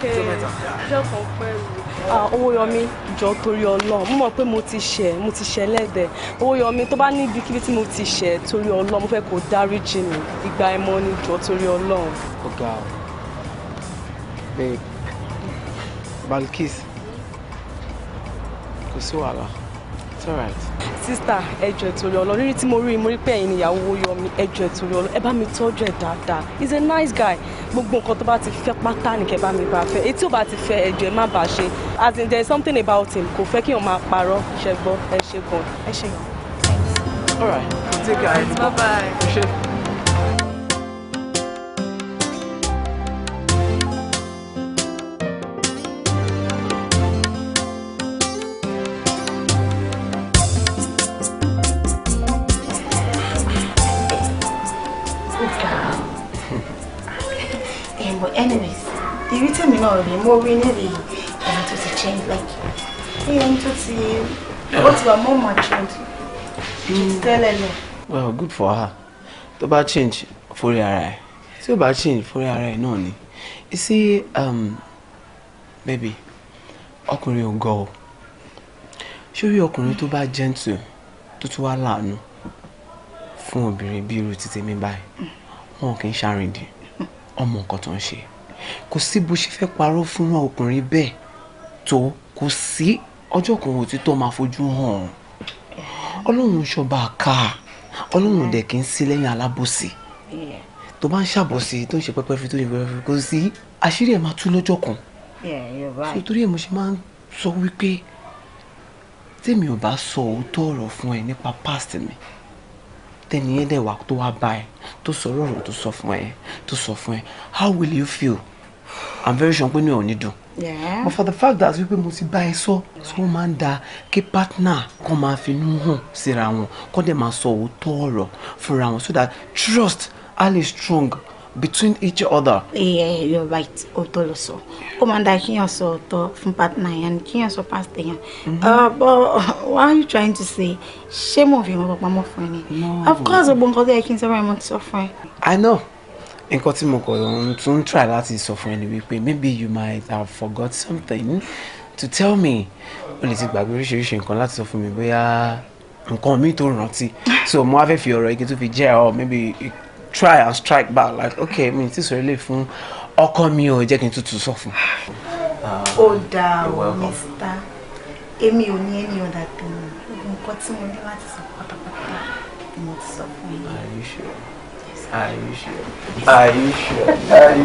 ọjọ́ kan pẹ̀lú. Owóyọmí jọ torí Ọlọ́run mo mọ̀ pé mo ti ṣẹ̀ mo ti ṣẹ̀ lẹ́dẹ̀ Owóyọmí tó bá ní ibikíbi tí mo ti ṣẹ̀ torí Ọlọ́run mo fẹ́ kó dáríjì mi ìgbà ẹ̀mọ́ ni jọ torí Ọlọ́run. ọ̀gá babe Balkis kò sí wàhálà all right. sista ẹjọ ìtòrí ọlọ rírí tí mo rí mo rí pé ẹ̀yin níyàwó Yọmi ẹjọ ìtòrí ọlọ ẹ bá mi tọ́jú ẹ dáadáa he's a nice guy gbogbo nǹkan tó bá ti fẹ́ pátá nìkẹ́ bá mi bá fẹ́ etí ò bá ti fẹ́ ẹjọ ẹ má bàa ṣe as in there is something about him kò fẹ́ kí n máa parọ́ ṣẹgbọ́ ẹ ṣe gan ẹ ṣe gan. all right take care. bye bye. ọ̀rẹ́ mo rí níbi ẹni tó ti change like ẹni tó ti ó ti wà more matured tẹ́lẹ̀ lọ. well good for her tó bá change fúnra ara ẹ tí ó bá change fúnra ara ẹ náà ni you see um, baby ọkùnrin ò gọ̀ ọ́ sórí ọkùnrin tó bá gentle tó tún wá láàánú fún obìnrin bí irú títí mi báyìí wọn kì í ṣàrìndì ọmọ nǹkan tó ń ṣe kò sí bó ṣe fẹ́ parọ́ fún ọkùnrin bẹ́ẹ̀ tó kò sí ọjọ́ kan òtítọ́ máa fojú hàn ọlọ́run ṣọba àká ọlọ́run dẹ̀ kì í sí lẹ́yìn alábòsí tó bá ń ṣàbòsí tó ń ṣe pẹ́pẹ́ fi tó ń ṣe pẹ́pẹ́ fi kò sí àṣírí ẹ̀ máa tú lọ́jọ́ kan torí ẹ̀ mo ṣe máa ń sọ wípé tèmi ò bá sọ òótọ́ ọ̀rọ̀ fún ẹ nípa past mi. Yeah, tẹ́ni yẹn dẹ̀ wá tó wá bá ẹ tó sọ̀rọ̀ ọ̀rọ̀ tó sọ fún ẹ tó sọ fún ẹ how will you feel i'm very sure pé ní ò ní dùn. but for the fact that wípé mo ti bá ẹ sọ so ó máa ń da kí partner kan máa finú hàn síra wọn kó dẹ̀ máa sọ òótọ́ ọ̀rọ̀ fúnra wọn so that trust á lè strong between each other. yeah you're right òótọ́ ló sọ ó máa ń da kíyàn sọ òótọ́ fún partner yẹn kíyàn sọ past mm-hmm. uh, but what are you trying to say Shame of fi ìwọ̀n my fún No. of course I'm nǹkan tó yẹ kí n sọ i know In tí mo kàn try that, is suffering. maybe you might have forgot something to tell me o lè about gbàgbé oríṣiríṣi nǹkan láti sọ fún mi bóyá nǹkan mi tó rántí so mo wá fẹ́ fi ọ̀rọ̀ igi tó fi jẹ́ ọ maybe try and strike back like okay mi ti sọ̀rọ̀ lè fún ọkọ mi ò jẹ́ kí n tútù sọ fún. ó dáa o mr èmi ò ní ẹni ọ̀dà tó ní nǹkan tí mo ní láti sọ pátápátá mo ti sọ fún yín. are you sure are you sure are you sure are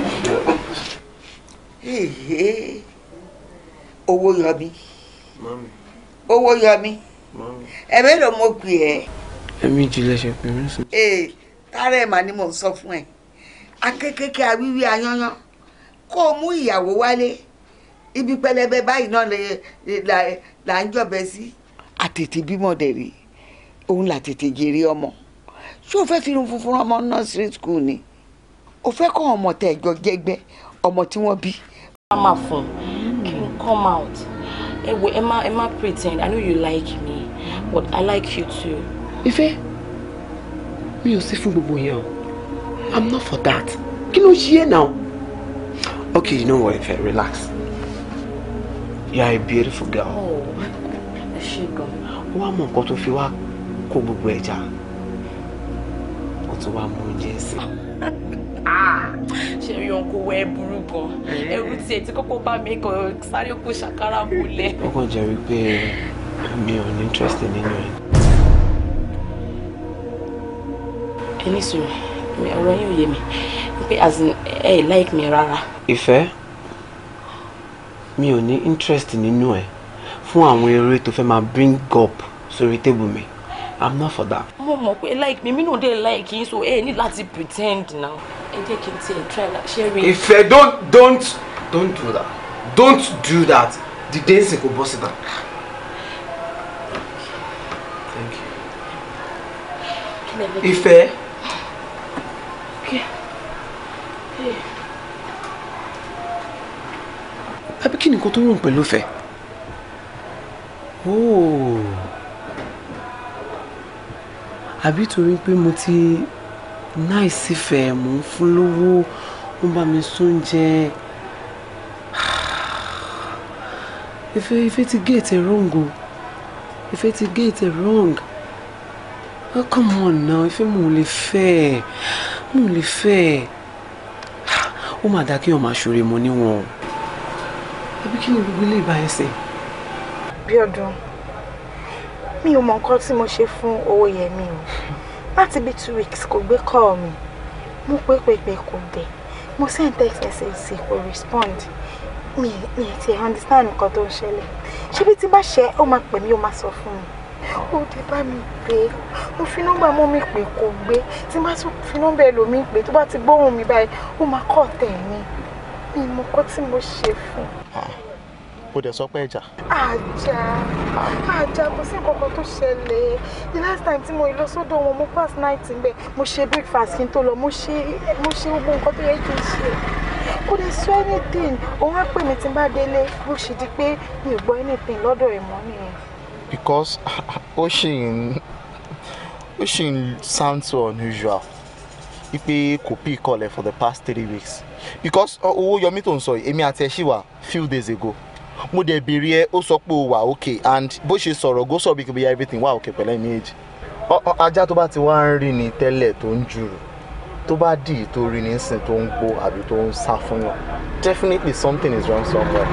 you sure. owó yọbi owó yọbi ẹ̀mí ló mọ̀ pé ẹ. ẹ̀mí ìjìnlẹ̀ ṣe pé mí sùn tààrà mà ni mò ń sọ fún ẹ̀ akékèké awíwí ayányán kó o mú ìyàwó wálé ibi pẹlẹbẹ báyìí náà là ń jọbẹ sí. àtètè bímọ dẹ̀ rí òun là tètè jèrè ọmọ ṣé o fẹ́ fi irun funfun ọmọ nursery school ni o fẹ́ kọ́ ọmọ tẹ̀ ẹ̀jọ́ jẹ́gbẹ́ ọmọ tí wọ́n bí. a máa fún kí n come out ẹ wo ẹ má ẹ má pretend i know you like me but i like you too. ife mi ò sí fún gbogbo yẹn o i'm not for that kí ló ṣe é now. okay you know what ife relax you are a beautiful girl. Oh, ẹ ṣe gan. ó wá mọ nǹkan tó fi wá kó gbogbo ẹja ó tún wá mú oúnjẹ sí ah, ṣe rí ohun kò wẹ burú gan eh. ẹrú tí etí kọ́kọ́ bá mi kò sáré kó ṣàkárà múlẹ̀. ó kàn jẹ́ wípé mi ò ní interest nínú ẹ̀. ẹni sùúrù ọ̀rọ̀ yín ò yé mi pé as in ẹ ẹ like mi rárá. ìfẹ́ mi ò ní interest nínú ẹ fún àwọn eré tó fẹ́ máa bring up sórí tébù mi i'm not for that. mo mọ̀ pé like mi mi no dey like yín so ẹ ní láti pretend now ẹ jẹ́ kí n tiẹ̀ try la ṣé rí. ìfẹ́ don't don't don't do that don't do that the dancing kò bọ́ síta. Thank you. ìfẹ́. kí ni nǹkan tó rùn pẹ̀lú fẹ́ ooo àbí torí pé mo ti náìsí fẹ́ mò ń fún lówó ń bá mi sóúnjẹ ife ife ti get it e wrong ife ti get it e wrong oh come on now ife mo lè fẹ́ mo lè fẹ́ ó mà dá kí ọmọ àṣùrè mo níwọ̀n pé kí ni gbogbo ilé ìbá ẹsẹ̀. bí ọdún mi ò mọ nǹkan tí mo ṣe fún owó yẹn mi o láti bíi two weeks kò gbé call mi mo pé pépé kò dé mo send text message kò respond mi mi ti understand nǹkan tó ń ṣẹlẹ̀ ṣebí tí bá ṣe ó máa pè mí ó máa sọ fún mi ó dé bá mi pé mo fi nọ́mbà mọ́ mi pé kò gbé tí bá tún fi nọ́mbà ẹlòmíì pé tó bá ti gbóhùn mi báyìí ó máa kọ́ tẹ̀ mí mi mọ nǹkan tí mo ṣe fún un o dẹ̀ sọ pé ẹ̀jà. àjà àjà kò sí nǹkan kan tó ṣẹlẹ̀ the last time tí mo lọ sọ́dọ̀ wọn mo pass night ń bẹ̀ mo ṣe breakfast kí n tó lọ mo ṣe mo ṣe gbogbo nǹkan tó yẹ kí n ṣe kò lè sọ anything òun á pè mí tí n bá délé bó ṣe di pé mi ò gbọ́ anything lọ́dọ̀ ẹ̀ mọ́ nìyẹn. because ó ṣì ń ó ṣì ń sound so unusual pé kò pí ìkọlẹ̀ for the past three weeks because owó yọmí tó ń sọ yìí èmi àti ẹ̀ ṣì wà few days ago mo dẹ̀ béèrè ẹ ó sọ pé o wà okay and bó ṣe sọ̀rọ̀ go sọ̀rọ̀ bí kò bí ya everything wà okay pẹ̀lẹ́ méjì ajá tó bá ti wá ń rí ni tẹ́lẹ̀ tó ń jùrù tó bá dì tó rí ní sìn tó ń gbó àbí tó ń sá fún yàn definitely something is wrong somewhere.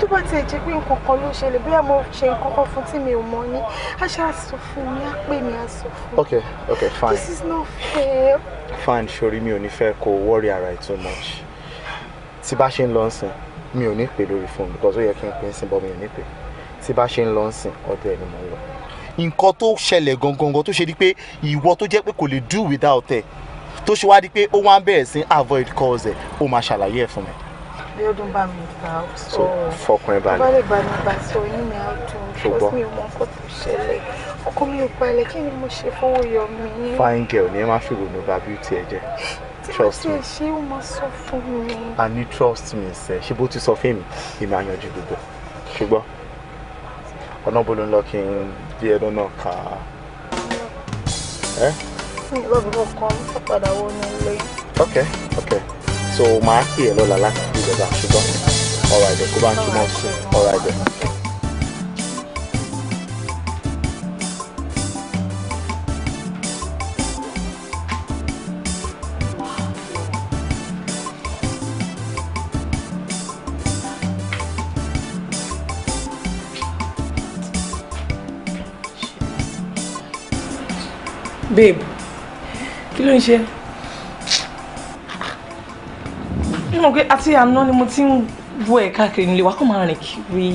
tó bá tiẹ̀ jẹ́ pé nǹkan kan ló ṣẹlẹ̀ bóyá mo ṣe nǹkan kan fún tí mi ò mọ̀ ní aṣá sọ fún mi á pè mí á fún mi. okay okay fine. this is not fair. fine sori mi ò ní fẹ́ kó worry ara ẹ̀ too much tí bá ṣe ń lọ sìn mi ò ní pè lórí fóònù because ó yẹ kí n pè ń sìn bọ́ mi ò ní pè tí bá ṣe ń lọ ń sìn ọdún ẹ̀ ni mo ń lọ. nǹkan tó ṣẹlẹ̀ gangan tó ṣe di pé ìwọ tó jẹ́ pé kò lè do without ẹ̀ tó ṣe wá di pé ó wá ń bẹ̀rẹ̀ sí avoid calls ẹ̀ ó máa ṣàlàyé ẹ̀ fún mi. bí ó dún bá mi gbà ó sọ fọkàn ẹ balẹ̀ balẹ̀ balẹ̀ gbà sọ inú mi á dùn ṣùgbọ́n mi ò mọ nǹkan tó ṣẹlẹ̀ ọkọ mi ò balẹ̀ kí ni mo ṣe fọwọ́ yọ mi. fine girl ni ẹ má fi ronú bá beauty ẹ jẹ trust me. ṣé o máa sọ fún mi. a ní trust me sẹ ṣé bó ti sọ fún mi èmi á yanjú gbogbo ṣùgbọ́n ọ̀nà bolo ń lọ kí n bí ẹnu náà kà á. lọ́dún kan padà wọ ní ilé. ok ok so màá pè é lọ́la láti fi ìjọba ṣùgbọ́n ọ̀rọ̀ àìdẹ̀kú bá ń túmọ̀ sí ọ̀rọ̀ àìdẹ̀kú. babe kí ló ń ṣe mọ̀ pé àti àná ni mo ti ń wo ẹ̀ káàkiri nílé wa kó máa rìn kiri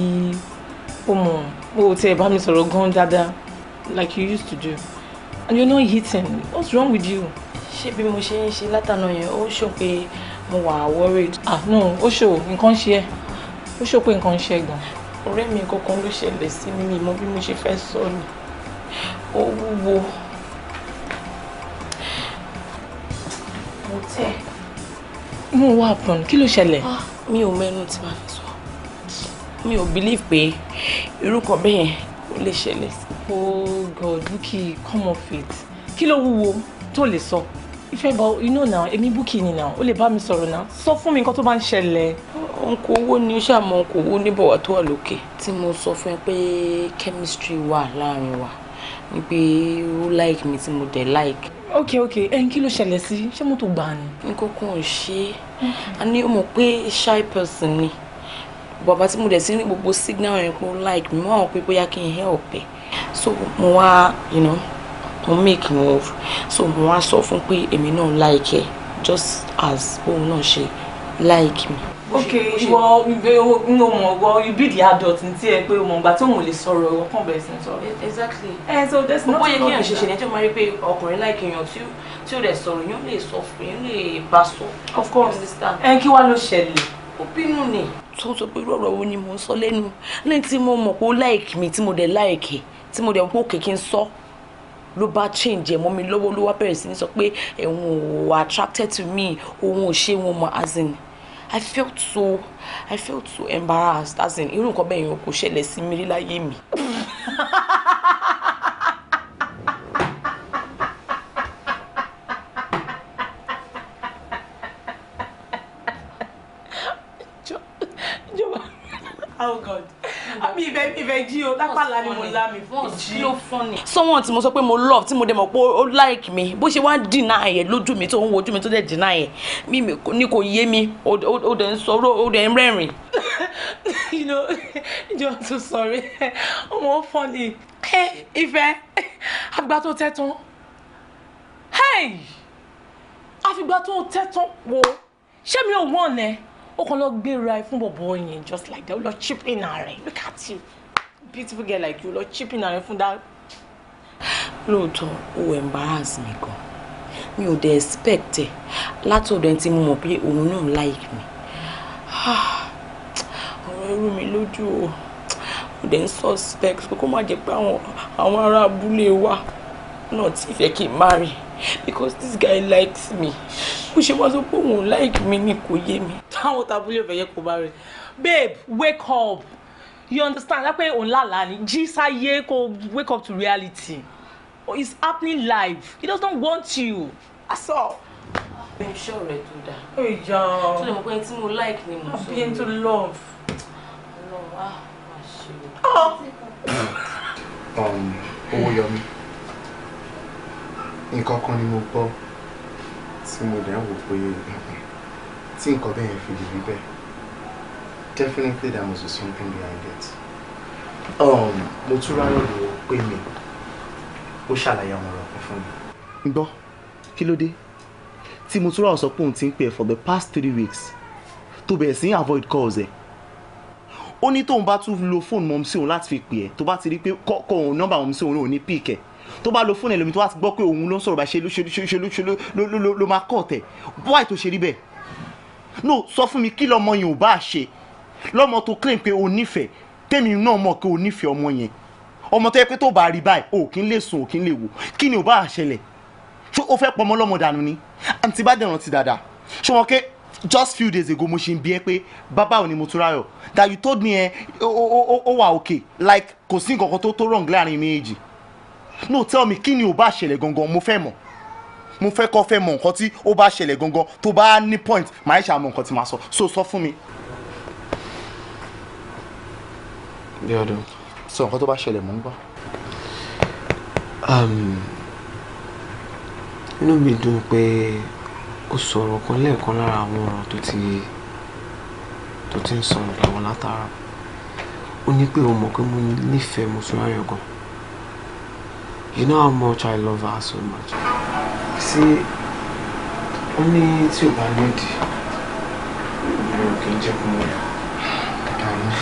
ó mọ̀ ó ti ẹ̀ bá mi sọ̀rọ̀ gan dáadáa like you used to do and you're not hitting me what's wrong with you. ṣé bí mo ṣe ń ṣe látàná yẹn ó ṣó pé mo wà worried. ah no ó ṣó nǹkan ṣe ẹ́ ó ṣó pé nǹkan ṣe gan. ọ̀rẹ́ mi kankan ló ṣẹlẹ̀ sí mi mi bí mo ṣe fẹ́ sọ ni ó wúwo. mo tẹ̀. mo wá àpọ̀n kí ló ṣẹlẹ̀. Ah, mi ò mẹ́nu tí màá fi sọ mi ò believe pé irú kan bẹ́ẹ̀ ó lè ṣẹlẹ̀. oh god Bukky come off it kí ló wúwo tó lè sọ ìfẹ́ bọ inú náà èmi Bukky ni náà ó lè bá mi sọ̀rọ̀ now. sọ fún mi nǹkan tó bá ń ṣẹlẹ̀. ọkọ oh, owó ni ó ṣàmọ ọkọ owó níbọ̀wá tó wà lókè tí mo sọ fún ẹ pé chemistry wà láàrin wa ni pé ó like me. tí mo dẹ̀ like ok ok ẹyin kí ló ṣẹlẹ̀ sí ṣé mọ́tò gbà ni. nǹkan kan ò ṣe é a ní mọ̀ pé shy person ni bàbá tí mo dẹ̀ sí ní gbogbo signal yẹn kó like mi wọ́n pé bóyá kí n help ẹ̀ so mo wá you know mo make move so mo wá sọ fún pé èmi náà like ẹ̀ just as bóun náà ṣe like me. ok ìwọ ìwọ ọmọ you be the adult ntí ẹ pé ọmọ ìgbà tí òun lè sọ̀rọ̀ ọwọ kàn bẹ̀rẹ̀ sí ń sọ̀rọ̀. exactly. ẹ eh, so there's nothing wrong with that. bóyá kéèyàn ṣẹṣẹ ní ẹjọ́ máa rí pé ọkùnrin láìkè èèyàn tí tí ó rẹ̀ sọ̀rọ̀ yóò lè sọ fún yóò lè bá sọ. of course ẹ eh, kí wàá ló ṣẹlẹ̀. ó bínú ni. tó sọ pé irú ọ̀rọ̀ wo ni mò ń sọ lẹ́nu lẹ́yìn tí mo mọ̀ pé ó like mi tí mo dẹ̀ like tí mo dẹ̀ ń pò kékin sọ. So ló bá change ẹ̀ mọ́ mi lọ́wọ́ ló wá bẹ̀rẹ̀ sí ní sọ pé ẹ̀hún ò attracted to me òun ò ṣe wọn mọ́ as in i felt so i felt so embarrassed as in irú nǹkan bẹ́ẹ̀ yẹn kò ṣẹlẹ̀ sí mi rí láyé mi. Oh God mi ìfẹ́ mi ìfẹ́ jí o lápàlá ni mo lá mi fún ọ̀jí. someone tí mo sọ pé mo love tí mo dẹ̀ mọ̀ pé ó like mi bó ṣe wá ń deny ẹ̀ lójú mi tó ń wojú mi tó dẹ̀ deny ẹ̀ mi ni kò yé mi ó dẹ̀ ń sọ̀rọ̀ ó dẹ̀ ń rẹ́rìn. you know you are sorry ọmọ funny ife, àgbà tó tẹ́ tán àfìgbà tó tẹ́ tán wo ṣé mi ò wọ́n ẹ̀ ó kàn lọ gbéra ẹ fún bọ̀bọ̀ yẹn just like that ó lọ chip in ààrẹ look at you beautiful girl like you lọ chip in ààrẹ fún that. lóòótọ́ ó embarrass mi gan mi ò dé expect ẹ̀ látọ̀dọ̀ ẹni tí mo mọ̀ pé òun náà like me. Ah, ọ̀rọ̀ ẹrú mi lójú o mo dẹ̀ suspect pé kó má jẹ́ pé àwọn ará abúlé wa náà ti fẹ́ kí n má rí i because this guy likes me mo ṣe wá sọ pé òun like me. ni kò yé mi. táwọn tábúlì ò fẹ́ yẹ kó bá rẹ̀ babe wake up you understand lápẹ́ òun lálàá ni jí sáyé kó wake up to reality it's happening live he doesn't want you that's all. I'm sure rẹ̀ tó dáa. Ẹ jà ọ́. Tó lè mọ̀ pé ẹni tí mo like ni mo sọ. Àbí ẹni tó love. Ọlọ́run á ah, máa ṣe o. Ah! Um, Owó yọ mí nǹkan kan ni mo gbọ́ tí mo dẹ̀ ń wò pé tí nǹkan bẹ́ẹ̀ fi lè rí bẹ́ẹ̀ definitely there must be something behind it. Um, mo tún rárá lò ó pé mi ó ṣàlàyé àwọn ọ̀rọ̀ kan fún mi. gbọ́ kí ló dé tí mo tún rárá sọ pé òun ti ń pè é for the past three weeks tó bẹ̀rẹ̀ sí avoid calls ẹ̀ ó ní tóun bá tún lo fóònù mọ́mísí òun láti fi pè é tó bá ti rí pé kọ́ òun nọ́mbà mọ́mísí òun ò ní píìkì ẹ̀ tó bá lo fóònù ẹlòmí tó bá ti gbọ́ pé òun ló ń sọ̀rọ̀ bá ṣe ló máa kọ̀ tẹ̀ why tó ṣe rí bẹ́ẹ̀ no sọ fún mi kí lọmọ yẹn ò bá ṣe lọmọ tó claim pé o nífẹ̀ẹ́ tèmi náà mọ̀ pé o nífẹ̀ẹ́ ọmọ yẹn ọmọ tó yẹ pé tó bá rí báyìí o kì í lè sùn o kì í lè wò kí ni ò bá ṣẹlẹ̀ ṣé o fẹ́ pọmọ lọ́mọ dànù ni àǹtí bá dẹ̀ràn ti dàda ṣé wọn ké just few days ago mo ṣe ń bi ẹ pé bàbá ò ní mo túra yọ that you told me ẹ eh, ó wà okay like kò sí nǹkan kan tó tó wrong láàrin méjì no tell me kí ni ò bá ṣẹlẹ̀ gangan mo fẹ́ mọ̀ mo fẹ́ kọ́ fẹ́ mọ̀ nǹkan tí ó bá ṣẹlẹ̀ gangan tó bá ní point màá ṣe àmọ̀ nǹkan tí màá sọ so sọ fún mi. bí ọdún sọ nǹkan tó bá ṣẹlẹ̀ mò ń gbọ́. Um, inú mi dùn pé ó sọ̀rọ̀ kan lẹ́ẹ̀kan lára àwọn ọ̀rọ̀ tó ti tó ti ń sọ̀rọ̀ làwọn látara ó ní pé ó mọ̀ pé mo nífẹ̀ẹ́ mo sọ ayọ̀ gan-an You know how much I love her so much. See, only two o bá nídìí, mi ò kì í jẹ́ kó mọ̀ dànù.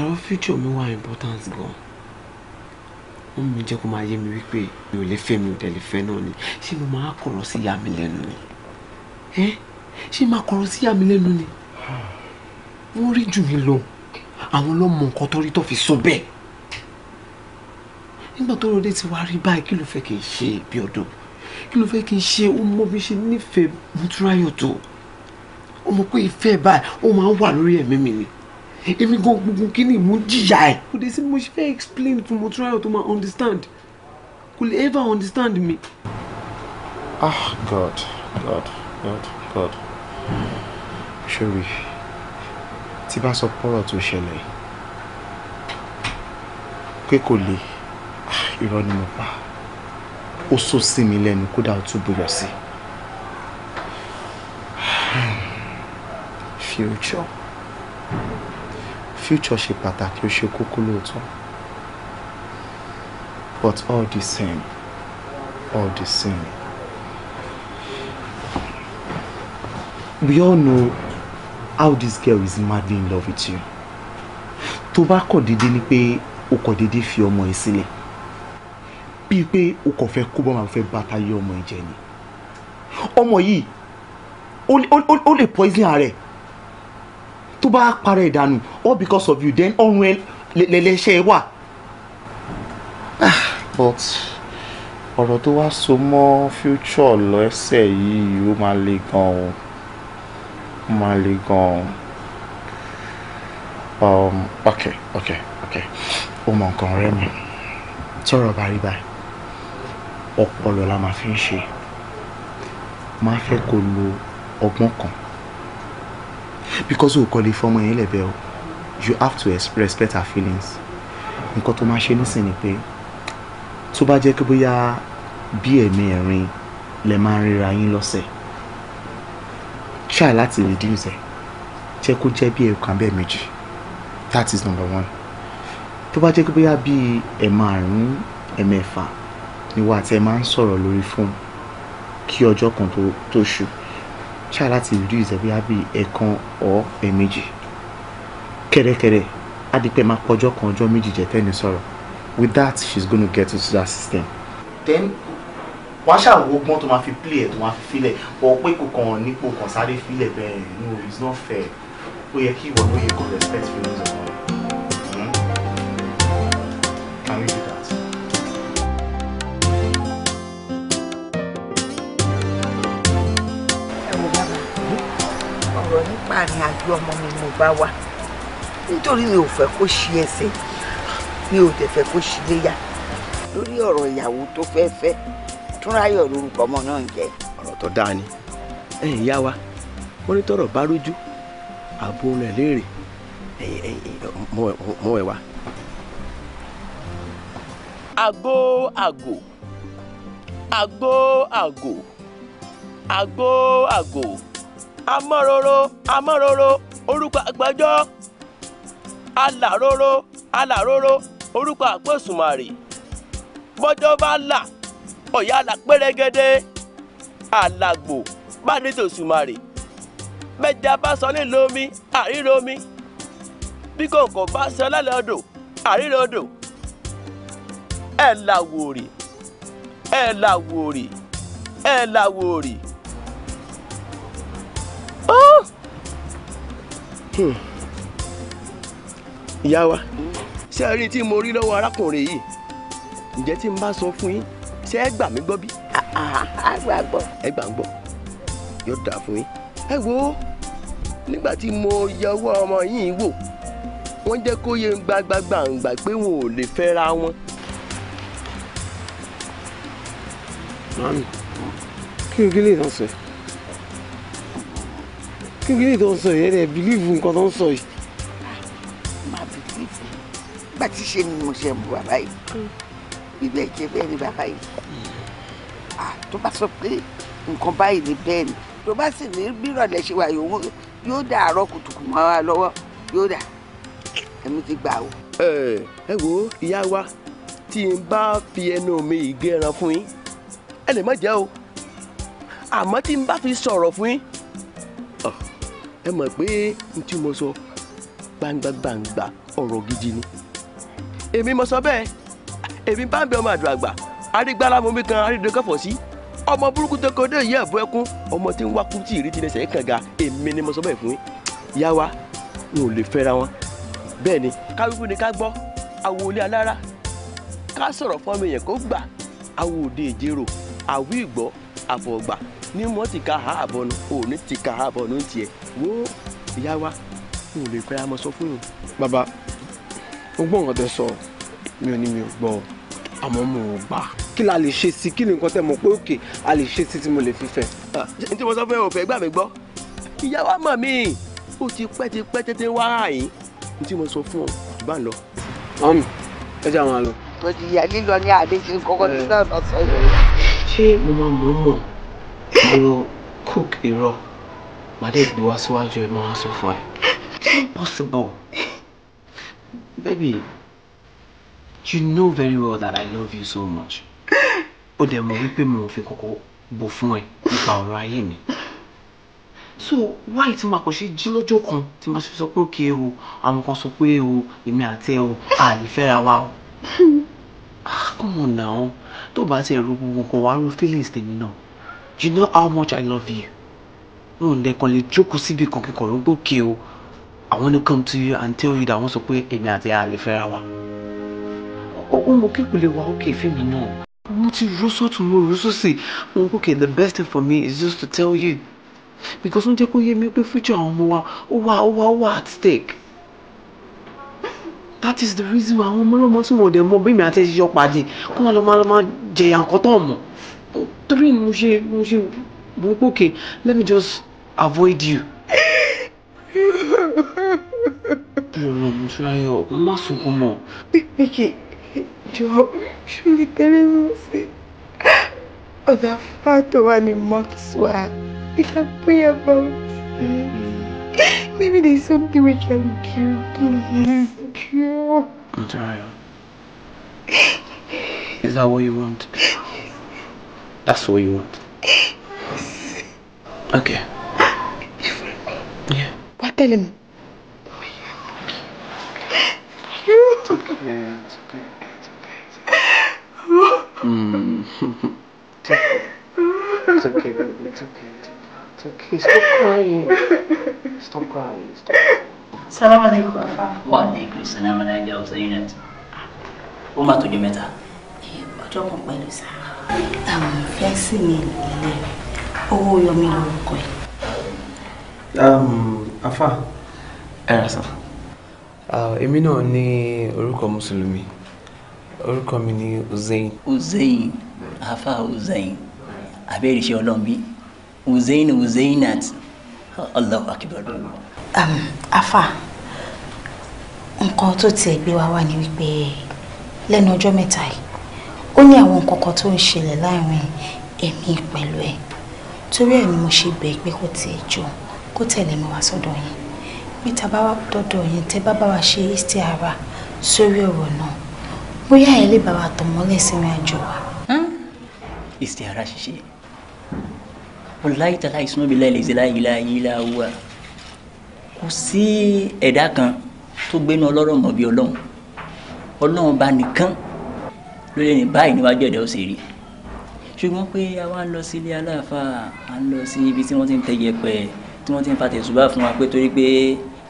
Ọ̀rọ̀ fídíò mi wà important gan. Wọ́n mi jẹ́ kó máa yé mi wípé mi ò lè fẹ́ mi ò dẹ̀ lè fẹ́ náà ni. Ṣé mo máa kọ̀rọ̀ sí ìyá mi lẹ́nu ni? Ṣé máa kọ̀rọ̀ sí ìyá mi lẹ́nu ni? wọ́n rí jù mí lọ àwọn ló nǹkan tó rí tó fi sọ bẹ́ẹ̀ nígbà tó rọdé ti wá rí báyìí kí ló fẹ́ kí n ṣe bí ọdún kí ló fẹ́ kí n ṣe ó mọ bí ṣe nífẹ̀ẹ́ mútúráyọ̀ tó ó mọ pé ìfẹ́ báyìí ó máa ń wà lórí ẹ̀mí mi ni èmi gan gbogbo kíní mú jìyà ẹ̀ kò dé sí mo ṣe fẹ́ explain fún mútúráyọ̀ tó máa understand kò lè ever understand mi. ah God God God God ṣé rí tí bá sọ pọ́rọ̀ tó ṣẹlẹ̀ pé kò le ah, irọ́ ni mo pa ó sọ sí mi lẹ́nu kódà ó tún buyọ̀ sí future future ṣe pàtàkì ó ṣe kókó lóòótọ́ but all the same all the same we all know how this girl is madly in love with you tó bá kọ̀ dédé ni pé o kọ̀ dédé fi ọmọ yìí sílẹ̀ bíi pé o kọ̀ fẹ́ kó bọ́ máa fẹ́ bàtà yé ọmọ yìí jẹ ni ọmọ yìí ó lè poison ara ẹ̀ tó bá para ẹ̀ dànù all because of you then ọrùn ẹ lẹ́lẹ́ṣẹ́ wà. Ah, but ọ̀rọ̀ tó wá so mọ́ future lọ́sẹ̀ yìí ó máa le gan-an Maligon. um, ok ok ok ó mọ nǹkan ọ̀rẹ́ mi tí ọ̀rọ̀ bá rí báyìí ọpọlọ la máa fi ń ṣe máa fẹ́ kó lo ọgbọ́n kan because o kò lè fọmọ yẹn lẹ́bẹ̀ o you have to respect her feelings nǹkan tó máa ṣe nísìnyí ni pé tó bá jẹ́ pé bóyá bí ẹ̀mí ẹ̀rin lè máa ríra yín lọ́sẹ̀ẹ́ try láti reduce ẹ̀ jẹ́ kó jẹ́ bí ẹ̀ẹ̀kan bẹ́ẹ̀ méjì that is number one tó bá jẹ́ pé bóyá bíi ẹ̀ẹ̀márùn-ún ẹ̀ẹ̀mẹ́fà ni wà tẹ́ máa ń sọ̀rọ̀ lórí fóònù kí ọjọ́ kan tó ṣù try láti reduce ẹ̀ bóyá bíi ẹ̀ẹ̀kan or ẹ̀ẹ̀méjì kẹ̀rẹ̀kẹ̀rẹ̀ adìpẹ́ máa pọ̀jọ́ kan ọjọ́ méjì jẹ́ tẹ́ni sọ̀rọ̀ with that she's gonna get to that system. then wàá ṣàwò ọgbọ́n tó máa fi plé ẹ̀ tó máa fi filẹ̀ ọ pé kò kàn nípò kàn sáré filẹ̀ bẹ́ẹ̀ no it's not fair ó yẹ kí ìwọ ló yẹ kó respect feelings of one. Hmm? do that? ọ̀rọ̀ nípa àrìn àjò ọmọ mi mo bá wà nítorí mi ò fẹ́ kó ṣe ẹsẹ̀ mi ò dẹ̀ fẹ́ kó ṣe léyà lórí ọ̀rọ̀ ìyàwó tó fẹ́ fẹ́. túnráyọ̀ lórúkọ ọmọ náà ń jẹ. ọ̀rọ̀ tó dáa ni ẹ̀yin yá wa wọ́n ní tọ́rọ̀ bá rújú àbò rẹ̀ léèrè mọ ẹ̀ wá. àgò àgò àgò àgò àgò àgò amọ́roro amọ́roro orúkọ àgbájọ́ alàroro alàroro orúkọ àpòsùnmàrè bọ́jọ́ bá là. ọ̀yá alápẹ̀rẹ̀gẹ̀dẹ̀ alàgbò bá ní tòṣùmarè bẹ́jà bá sọ nílùú omi àríro omi bí kòǹkò bá sọ lálẹ́ odò àríro odò ẹ làwòrì ẹ làwòrì ẹ làwòrì. Hmm. ìyá wa ṣé ẹ rí i tí mo rí lọ́wọ́ arákùnrin yìí ǹjẹ́ tí n bá sọ fún yín ṣé ẹ gbà mí gbọ́ bí. àgbà ah, ah, gbọ́. ẹ gbà ń gbọ́ yóò dáa fún yín. ẹ wo nígbà tí mo yẹwọ́ ọmọ yìí wò wọ́n jẹ́ kó yé gbàgbàgbàǹgbà pé wọn ò lè fẹ́ra wọn. mami kí n gílè náà sọ kí n gílè tó ń sọ yìí ẹ dẹ bìlíìfù nǹkan tó ń sọ yìí. Ah, máa bìlíìfù bá ti ṣe ni mo ṣe ń bu bàbá yìí bíbẹ̀ jẹ́ bẹ́ẹ̀ ni bàbá yìí tó bá sọ pé nǹkan báyìí ní bẹ́ẹ̀ ni tó bá sì ní bírọ̀lẹ́ ṣe wà yòówó yóò dà àárọ̀ kùtùkù mọ́ wa lọ́wọ́ yóò dà èmi ti gbà o. ẹ wo ìyá wa tí n bá fi ẹnu mi ìgé ẹran fún yín ẹ lè má jẹ́ o àmọ́ tí n bá fi sọ̀rọ̀ fún yín ah, ẹ mọ̀ pé n tí mo sọ gbangba-gbangba ọ̀rọ̀ gidi ni èmi mo sọ bẹ́ẹ̀ èmi bá ń bẹ ọmọ àdúrà àgbà arígbálámọ́mí kan arídọ́kọ̀fọ̀ sí. Si ọmọ burúkú tó kọ dé yẹ ẹ̀bù ẹkún ọmọ tí ń wá kú tí ìrètí lẹsẹ̀ kànga èmi ni mo sọ bẹ́ẹ̀ fún yá wa wọn ò lè fẹ́ra wọn bẹ́ẹ̀ ni káwíwú ni ká gbọ́ àwo ilé alára ká sọ̀rọ̀ fọ́ọ̀mù yẹn kó gbà àwo òde ìjérò àwí ìgbọ́ àfọ̀gbà ní mọ́ ti ka ha àbọ̀nu òní ti ka ha àbọ̀nu tiẹ̀ wó ìyá wa wọn ò lè fẹ́ra wọn sọ fún yín. bàbá mo gbọ́ nǹkan tẹ́ sọ mi ò ní mi ò gbọ́ àmọ́ mo ò gbà á kí la lè ṣe sí kí ni nǹkan tẹ́ mọ̀ pé òkè a lè ṣe sí tí mo lè fi fẹ́. ṣé tí mo sọ fún ẹ ò fẹ́ gbà mí gbọ́ ìyá wa mọ̀ mí ti pẹ́ ti pẹ́ tètè wá àyín ní tí mo sọ fún ọ bá ń lọ. mọ́mí ẹ jẹ́ àwọn àlọ́. mo ti yà lílọ ní àdéhùn kọ́kọ́ tí náà lọ sọ yìí. ṣé mo máa mọ̀ mọ̀ mo cook irọ́ màdé ìgbé wá síwájú ẹ máa sọ fún ẹ. possible baby you know very well that I love you so much ó dẹ̀ mọ̀ wípé mo fi kọ́kọ́ bò fún ẹ nípa ọ̀rọ̀ ayé mi so why tí ma kò ṣe jí lọ́jọ́ kan tí ma ṣe sọ pé òkè o àwọn kan sọ pé o èmi àti ẹ o a lè wa o ah, come on now tó bá ti ẹ̀rọ gbogbo nǹkan wàá ro feelings tèmi náà you know how much i love you n ò lẹ́kàn lè jókòó síbi kan kíkan ló gbókè o i wanna come to you and tell you that wọ́n sọ pé èmi àti ẹ a lè fẹ́ra wa ó mọ kí kò lè wá òkè fíìmù náà mo ti rò sọ́tún mo rò okay the best thing for me is just to tell you because ó jẹ́ kó yé mi pé future àwọn ọmọ wa ó at stake that is the reason why àwọn ọmọ ọlọ́mọ tí mo dẹ̀ to bí mi àti ẹ̀ ṣe yọ pàdé kó wọn lọ máa lọ máa jẹ̀yà nǹkan tó mọ̀ torí okay let me just avoid you. Mo ràn mí sọ́yọ́, má sunkún mọ́. Bíbí kì ṣùlì tẹ́lẹ̀ mú sí ọ̀dà fà tó wà ní mọ́tò wa we can pray about it maybe there is something we can do to Ontario, is that what you want? That's what you want? Okay. Yeah. What tell him? Yeah. Mm. it's okay, baby. It's okay. It's okay. Stop crying. Stop crying. Stop. Salam alaikum. Wa alaikum salam alaikum saying it. Ó máa tójú mẹ́ta. Ọjọ́ kan pẹ̀lú sá. Àwọn ìfẹ́ sí mi nílé. Owó Yomi lorúkọ ẹ̀. Afa, ẹ̀rà sàn. Èmi náà ní orúkọ Mùsùlùmí orúkọ mi ni Uzeyin. Uzeyin afa Uzeyin abẹ́rẹ́ iṣẹ́ ọlọ́mbí Uzeyin Uzeyinat Allahu Akbar. afa nǹkan tó tiẹ̀ gbé wa wá ni wípé lẹ́nu ọjọ́ mẹ́ta yìí ó ní àwọn nǹkan tó ń ṣẹlẹ̀ láàrin èmi pẹ̀lú ẹ̀ torí ẹ̀ ni mo ṣe bẹ̀ pé kó tiẹ̀ jọ kó tẹ̀lé mi wá sọ́dọ̀ yín bí tá a bá wá dọ́dọ̀ yín tẹ́ bá bá wa ṣe istihara sórí ọ̀rọ̀ náà bóyá ẹ lè bá wa tọ̀ mọ́lẹ̀ sínú àjò wa. ìsìtìhárà ṣiṣẹ́ wàláyé tàlá ìsúná bíi láì lè ṣe láyé láyé láwùwà kò sí ẹ̀dá kan tó gbénu ọlọ́rọ̀ mọ̀ bíi ọlọ́run ọlọ́run bá nìkan ló lè ní báyìí níwájú ẹ̀dá ó ṣe rí ṣùgbọ́n pé a wá ń lọ sí ilé aláàfáà à ń lọ sí ibi tí wọ́n ti ń tẹ yẹpẹ̀ tí wọ́n ti ń fa tẹ̀sùbá fún wa pé torí pé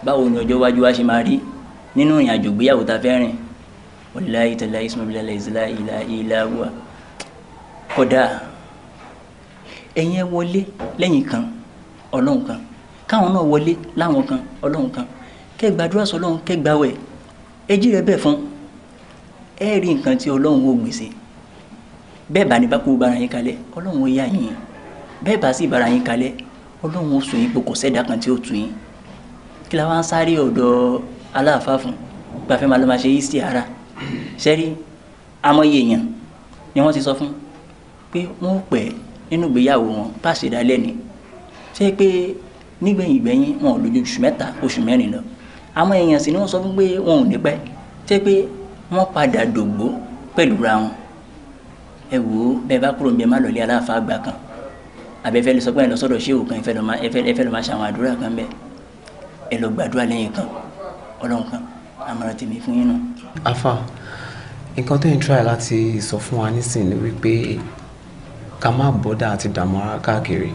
báwo ni ọjọ́ iwájú wa ṣe máa rí nínú ìrìn àjò ìgbéyàwó ta fẹ́ rìn wàláyé tẹ̀lé ismail bilala ìzìlá ìlà ìlà wa kódà ẹ̀yin ẹ wọlé lẹ́yìn kan ọlọ́run kan káwọn náà wọlé láwọn kan ọlọ́run kan kẹgbàdúrà sọlọ́run kẹgbàwẹ̀ ẹjí rẹ bẹ̀ fún ẹ rí nǹkan tí ọlọ́run ò gbèsè bẹ́ẹ̀ bá ní bá kú bara yín kalẹ̀ ọlọ́run ó yá yín bẹ́ẹ̀ bá sì bara yín kalẹ̀ ọlọ́run ó sùn yín pokò sẹ́dá kan tí ó tù yín kí la wá ń sáré ọ̀dọ̀ aláàfáà fún gbàfẹ́ máa lọ́ sí ara sẹ́rí amọ̀ye èèyàn ni wọ́n ti sọ fún pé wọ́n pẹ́ nínú ìgbéyàwó wọn pàṣẹ ìdálẹ́ ni ṣé pé nígbẹ̀yìn ìgbẹ̀yìn wọn ò lójú oṣù mẹ́ta oṣù mẹ́rin lọ àwọn èèyàn sì ni wọ́n sọ fún pé wọn ò ní pẹ́ ṣé pé wọ́n padà dògbó pẹ̀lú ra wọn ẹ wò ó bẹ́ẹ̀ bá kúrò níbẹ̀ má lọ lé aláfa àgbà kan àbẹ́fẹ́ lè sọ pé ẹ lọ sọ́dọ̀ ṣé òkan ẹ fẹ́ lọ máa ṣàwọn àdúrà kan bẹ́ẹ̀ ẹ afa nǹkan tó ń try láti sọ fún wa nísìnyí ni wípé ká má bọ́dà àti dààmú ara káàkiri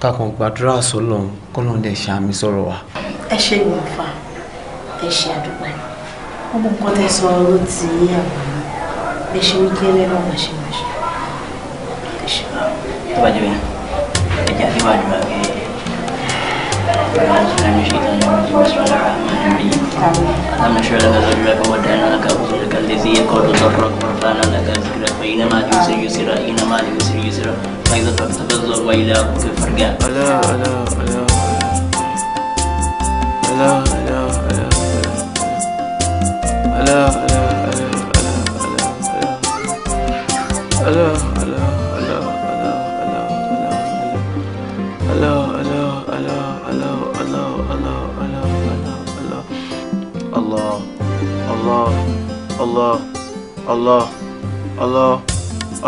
ká kàn gbàdúrà sọlọ kọlọ́n dẹ̀ ṣàmì sọ̀rọ̀ wa. ẹ ṣe ìwọ̀n fa ẹ ṣe àdúgbò wọn kò kọ́ tẹ sọ ọ̀rọ̀ tí ìyàwó mi bẹ́ẹ̀ ṣe ń gẹ́lẹ́ náà máa ṣe máa ṣe. ẹ ṣe báwo tó bá jẹ́ bẹ́ẹ̀ ẹ jẹ́ àdúgbò àdúrà. ألم نشرح لك صدرك ووضعنا لك أمرك الذي يكون ضرك ورفعنا لك ذكرك فإن مع اليسر يسرا إن مع اليسر يسرا فإذا فقدت الزور وإلى ربك فارجع ألا ألا ألا ألا ألا ألا ألا Allah, Allah, Allah,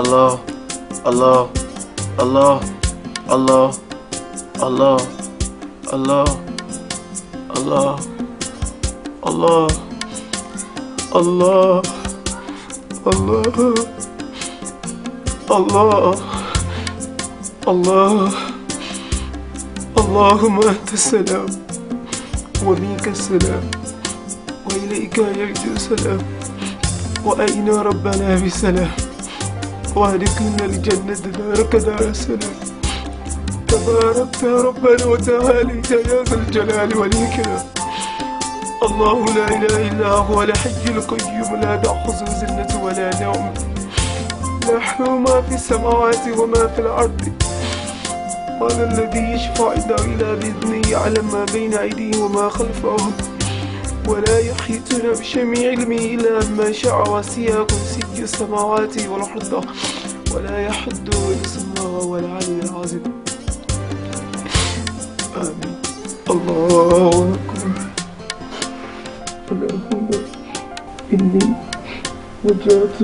Allah, Allah, Allah, Allah, Allah, Allah, Allah, Allah, Allah, Allah, Allah, Allah, اللهم أنت السلام ومنك السلام وإليك يرجو السلام وأينا ربنا بسلام وأدخلنا الجنة دارك دار السلام تباركت ربنا وتعاليت يا ذا الجلال والإكرام الله لا إله إلا هو الحي القيوم لا تأخذه زلة ولا نوم له ما في السماوات وما في الأرض قال الذي يشفع إذا إلى بإذنه يعلم ما بين أيديه وما خلفهم أتيتنا بجميع الميلاد ما شاء وسيا كرسي السماوات والأرض ولا يحد اسم وهو العلي العظيم آمين الله أكبر اللهم إني وجهت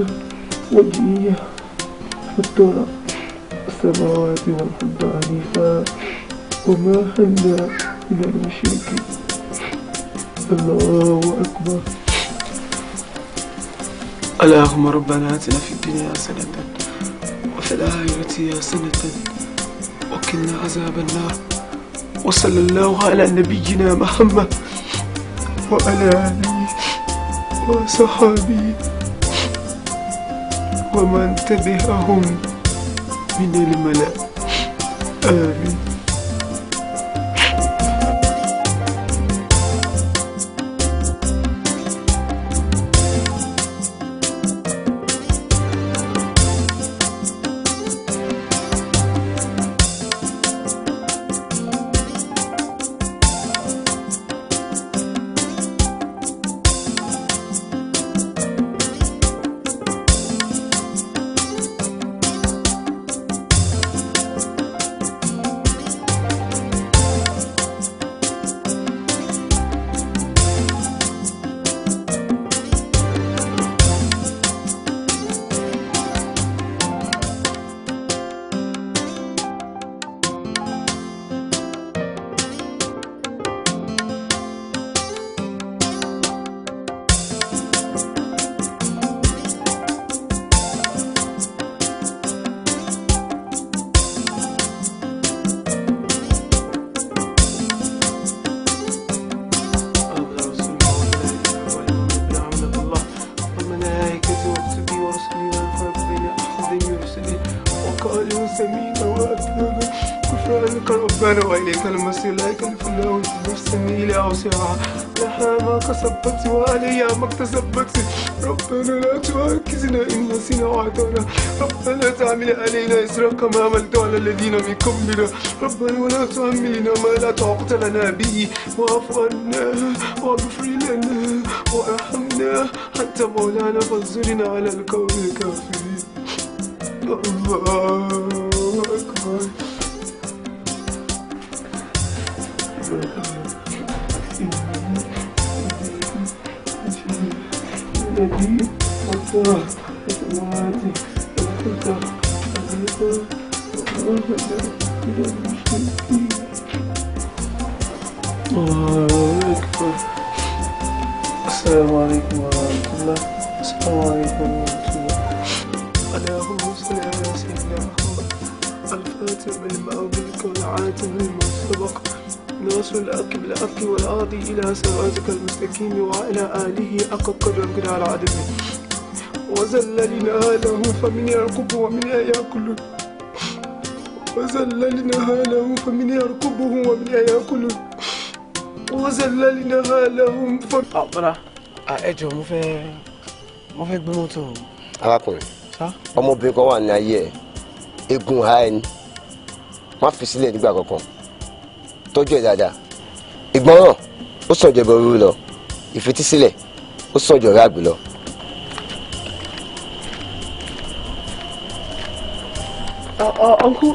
وجهي والدولة السماوات والأرض حنيفا وما حنا إلى المشركين الله أكبر اللهم ربنا آتنا في الدنيا حسنة وفي الآخرة حسنة وكنا عذاب النار وصلى الله على نبينا محمد وعلى آله وصحابه ومن تبعهم من الملأ آمين سميع واسلم كفرانك ربنا واليك المصير لا يكلف الله نفسا الا لها ما كسبت وعليها ما اكتسبت ربنا لا تؤاخذنا ان نسينا وعدنا ربنا تعمل علينا اسرا كما عملت على الذين من قبلنا ربنا ولا تحملنا ما لا طاقه لنا به واعف عنا واغفر لنا وارحمنا حتى مولانا فانصرنا على الكون الكافرين Assalamualaikum warahmatullahi wabarakatuh. العاتب المأوي والعاتب المطبق نوصل الأك بالأك والارض إلى سوازك المستكين وعلى آله أقق قدر على العدم وذللنا له فمن يركب ومن يأكل وذللنا له فمن يركبه ومن يأكل وذللنا له فمن أقرأ ẹjọ mo fẹ́ mo fẹ́ gbé mọ́tò. arákùnrin ọmọbìnrin kan wà ní ayé ẹ egun ha ẹni má fi sílẹ̀ nígbà kankan tọ́jú ẹ̀ dáadáa ìgbọràn ó sàn jù ẹbọ rúru lọ ìfetísílẹ̀ ó sàn jù ọ̀rẹ́ àgbè lọ. ọ̀nkú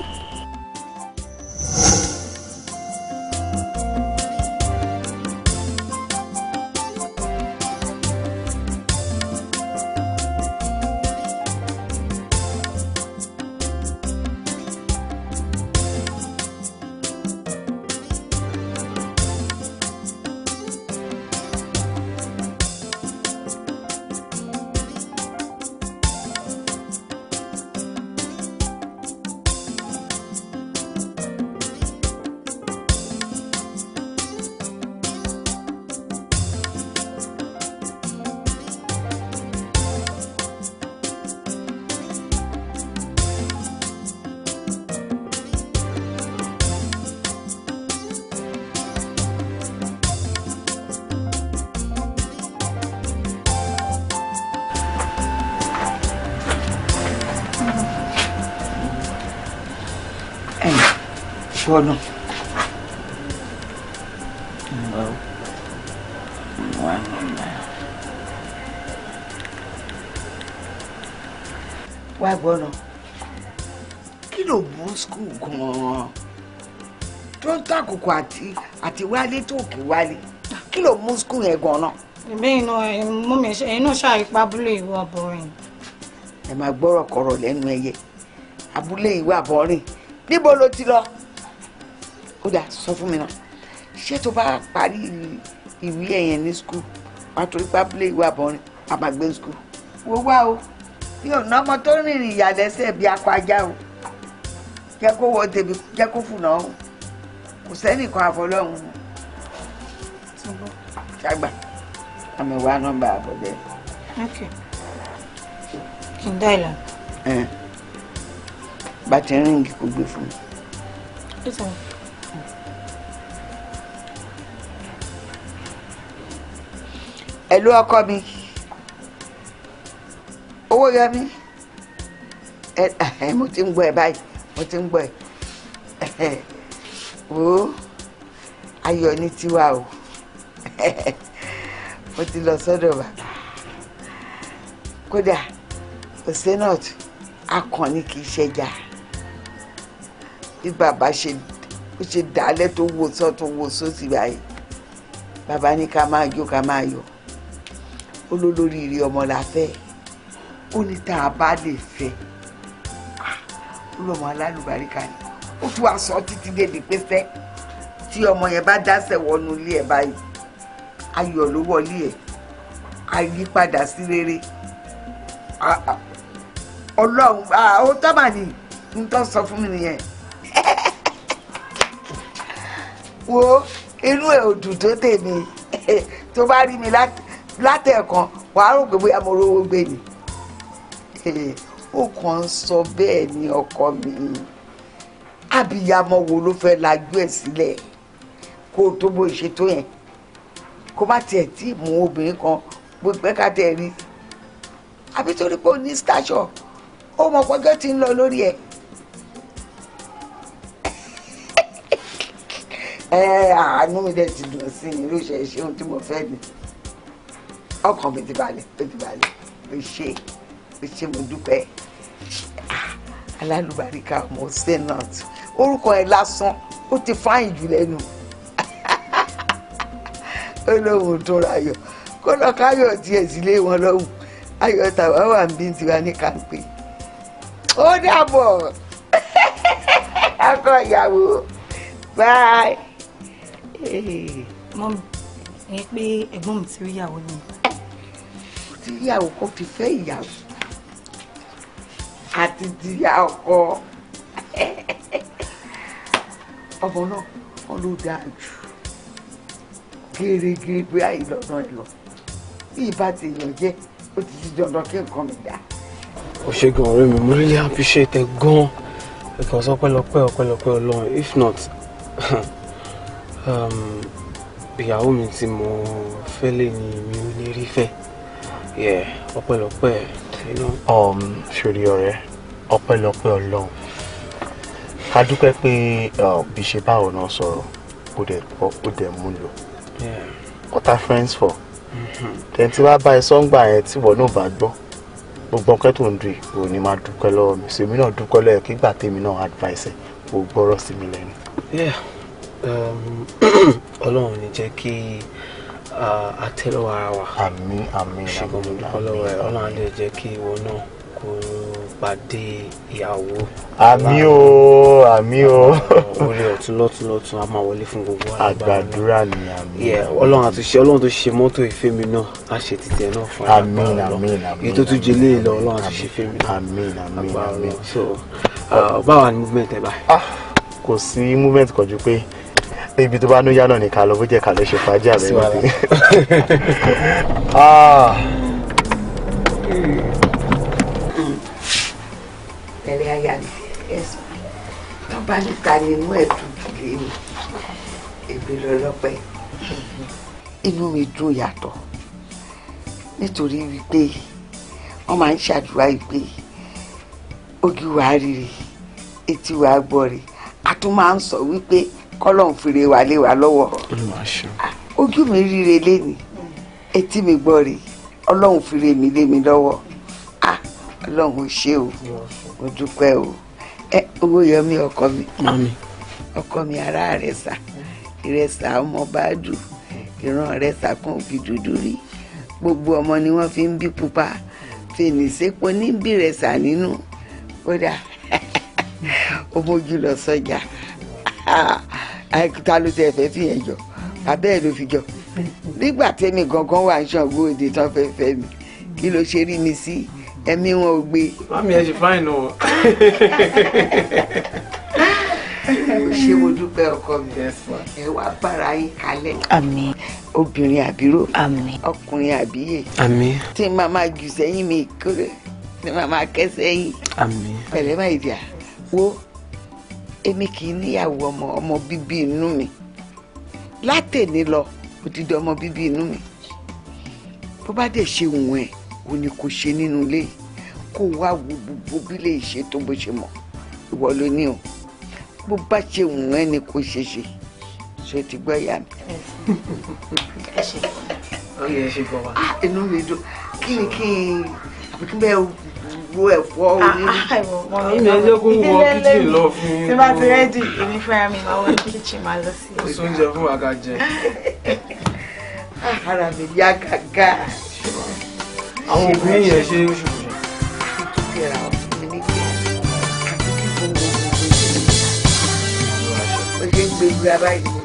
sọ́nà. wá gbọ́nà kí ló bú skul gan-an tó ń tàkùkù àti àti wálé tó kì wálé kí ló mú skul yẹn gan-an. ìbí iná mú mi ṣe inú ṣáà ipá abúlé ìwé ọbọrin. ẹ máa gbọ́rọ̀ kọ̀rọ̀ lẹ́nu ẹyẹ abúlé ìwé ọbọrin níbo ti lọ sọ fún mi náà ṣé tó bá parí ìwé ẹ̀yẹn ní skul wàá torí pápílẹ̀ ìwé àbọ̀rin àbàgbé skul wo wá o mi ò ná ọmọ tó rìnrìn ìyàlẹ́sẹ̀ bí akọ ajá o jẹ́ kó wọ tèmi jẹ́ kó fùnà o kò sẹ́nìkan àfọlọ́hún ṣàgbà àmì wa nọ́mbà àbọ̀dẹ́. kí n dá ìlà. bàtí ń rìn kí kò gbé fún mi. ẹ̀lú ọkọ mi owó yẹ mí mo ti ń gbọ́ ẹ báyìí mo ti ń gbọ́ ẹ wo ayọ̀ ní tiwa o mo ti lọ sọ́dọ̀ bàbá kódà osenot akànnì kì í ṣẹjà bí bàbá ṣe ó ṣe dálẹ̀ tó wo sọ tó wo sósì báyìí bàbá ní ká máa jó ká máa yọ̀ olólóríire ọmọ la fẹ́ ó ní tá a bá lè fẹ́ ah, olọmọ alálùbáríkà ni ó fi wá sọ títí dédé pé fẹ́ tí ọmọ yẹn bá dáṣẹ́ wọnú ilé ẹ̀ báyìí ayọ̀ ló wọlé ẹ̀ àyípadà sí rere ọlọ́run ó tábà ní ní tó sọ fún mi nìyẹn wo inú ẹ̀ ò dùn tó tèmi tó bá rí mi láti látẹ̀kan wàá rò pé bóyá mo rówó gbé ni ó kàn ń sọ bẹ́ẹ̀ ni ọkọ mi abiyamọ wo ló fẹ́ lajú ẹ̀ sílẹ̀ kó o tó bó ṣe tó yẹn kó má tiẹ̀ tí mú obìnrin kan gbogbo ẹ̀ka tẹ̀ rí àbí torí pé o ní stasio ó mọ pọ́jọ́ tí ń lọ lórí ẹ̀. ẹ àánú mi dẹ̀ ti dùn sí i ló ṣe ṣe ohun tí mo fẹ́ ni ọkàn mi ti balẹ̀ mi ti balẹ̀ mi ṣe mi ṣe mo dúpẹ́ alálùbáríkà ọmọ senat orúkọ ẹ lásán ó ti fáyìn jù lẹ́nu ó lóun tó rayọ̀ kó lọ káyọ̀ tiẹ̀ sílé wọn lọ́hùn ayọ̀ tàwa wà ń bí tiwa ní kàńpé ó dàbọ̀ akọ ìyàwó bye. mọ́mí ẹ pé ẹ̀gbọ́n mi ti rí ìyàwó nìyẹn tí ìyá ọkọ fi fẹ́ ìyàwó àti ti ìyá ọmọ náà wọn ló dáa jù gẹ́gẹ́ bí àìlọ́nà ẹ̀ lọ bí ìbá ti yàn jẹ́ ó ti di dandan kí nǹkan mi dá. ọ̀ṣẹ́gun ọ̀rẹ́ mi mo really appreciate ẹ gan-an because ọpẹ́lọpẹ́ ọpẹ́lọpẹ́ ọlọ́run if not um, ìyàwó mi tí mo fẹ́ lè ní mi ò ní rí fẹ́ yeah ọpẹ́lọpẹ́ you know. um ṣòrí ọ̀rẹ́ ọpẹ́lọpẹ́ Ọlọ́run ká dúpẹ́ pé uh, bí ṣe báwo náà sọ̀rọ̀ ó dẹ̀ pọ̀ ó dẹ̀ mú lò what are friends for mm-hmm. tẹ̀ntì wá bá ẹ sọ́ngbà yẹn tí wọ́n náà bá gbọ́ gbogbo ọkẹ́ tó ń dùn ò ní máa dúpẹ́ lọ́wọ́ mi sèmi náà dúpẹ́ lọ́yọ̀ kígbà tèmi náà advice ẹ̀ kò gbọ́rọ̀ sí mi lẹ́nu. Um, Ọlọ́run ní jẹ́ kí àtẹ́lọ́wọ́ ara wa. àmín àmín ṣùgbọ́n mo dúpọ́ lọ́wọ́ ẹ̀ ọlọ́run á lè jẹ́ kí ìwọ náà kó pàdé ìyàwó. àmín o àmín o. orí ọ̀tún lọ́tún lọ́tún a máa wọlé fún gbogbo àgbà. àgbàdúrà ni àmín. ọlọ́run àtúnṣe ọlọ́run tó ṣe mọ́tò ìfẹ́mi náà á ṣe títẹ̀ náà fún àgbà ọlọ́run. àmín àmín àmín. èyí tó tún jẹ léèlọ ọlọ́run àtúnṣe fẹ́mi náà. àmín àmín àmín. Uh, báwa ni movement ẹ báyìí. Ah, kò sí movement kọjú pé ibi tó bá ní yánà ní ká lọ bó jẹ́ ká lọ ṣe fàájì àbẹ̀ níbi. tẹ̀lé aya ni ẹ̀sùn tọ́ba níta ni inú ẹ̀ dùn gègé ni èmi lọ́lọ́pẹ́ inú mi dùn yàtọ̀ nítorí wípé wọ́n máa ń ṣàdúrà wípé ojú wa rírì etí wa gbọ́ rè a tún máa ń sọ wípé kọ́lọ́n fèrè wà lé wa lọ́wọ́ ah, ojú mi ríre léni etí mi gbọ́ rí ọlọ́run fèrè mi lé mi lọ́wọ́ ah ọlọ́run ṣé o mo dúpẹ́ o ẹ owó yọmí ọkọ mi ọkọ mi ara rẹ̀ sà ìrẹsà ọmọ bá dùn ìran rẹ̀ sàkún òbí dúdú rí gbogbo ọmọ ni wọ́n fi ń bí pupa fèníṣepo ní bí rẹ̀ sà nínú kódà ó mójú lọ sọ́jà. So Ah, ta ló ti ẹ̀fẹ́ fi yẹn jọ bàbá ẹ̀ ló fi jọ nígbà tẹ́mi gangan wà ń ṣàngó èdè tán fẹ́ fẹ́ mi kí ló ṣe rí mi sí ẹ̀mí wọn ò gbé. mami ẹ ṣe fáìn o. o ṣe mo dúpẹ́ ọkọ mi ẹ wá bára yín kalẹ̀. àmín. obìnrin àbírò. àmín. ọkùnrin àbíyè. àmín. tí màá máa jù sẹ́yìn mi kúrò tí màá máa kẹ́ sẹ́yìn. àmín. pẹ̀lẹ́ máa ìdíyà wo èmi kì í níyàwó ọmọ ọmọ bíbí inú mi látẹ̀ni lọ òdìdí ọmọ bíbí inú mi bó bá dẹ̀ ṣe wùn ẹ̀ o ní kò ṣe nínú ilé kó wá wo gbogbo bí lè ṣe tó bó ṣe mọ̀ ìwọ ló ní o bó bá ṣe wùn ẹ̀ ni kò ṣe ṣe ṣe ti gbọ́ ìyá mi. ẹ ṣe kọ́ wa. inú mi dùn kí ni kí n àbíkú bẹ́ẹ̀ o ro ẹ̀fọ́ onírú. mọ̀mí mi ẹjọ́gún wọ kíchìn lọ fún un. tí bá ti rẹ́dì èmi fúnra mi máa wọ kíchìn máa lọ sí. kò sóúnjẹ fún wa ká jẹ. Ah, ara mi yá gàgà. àwọn òbí yẹn ṣe oṣù kùsùn. kíkẹ́ra mi ní kí àti kíkọ́ gbogbo gbogbo. ó ṣe ń gbèlú abáyé.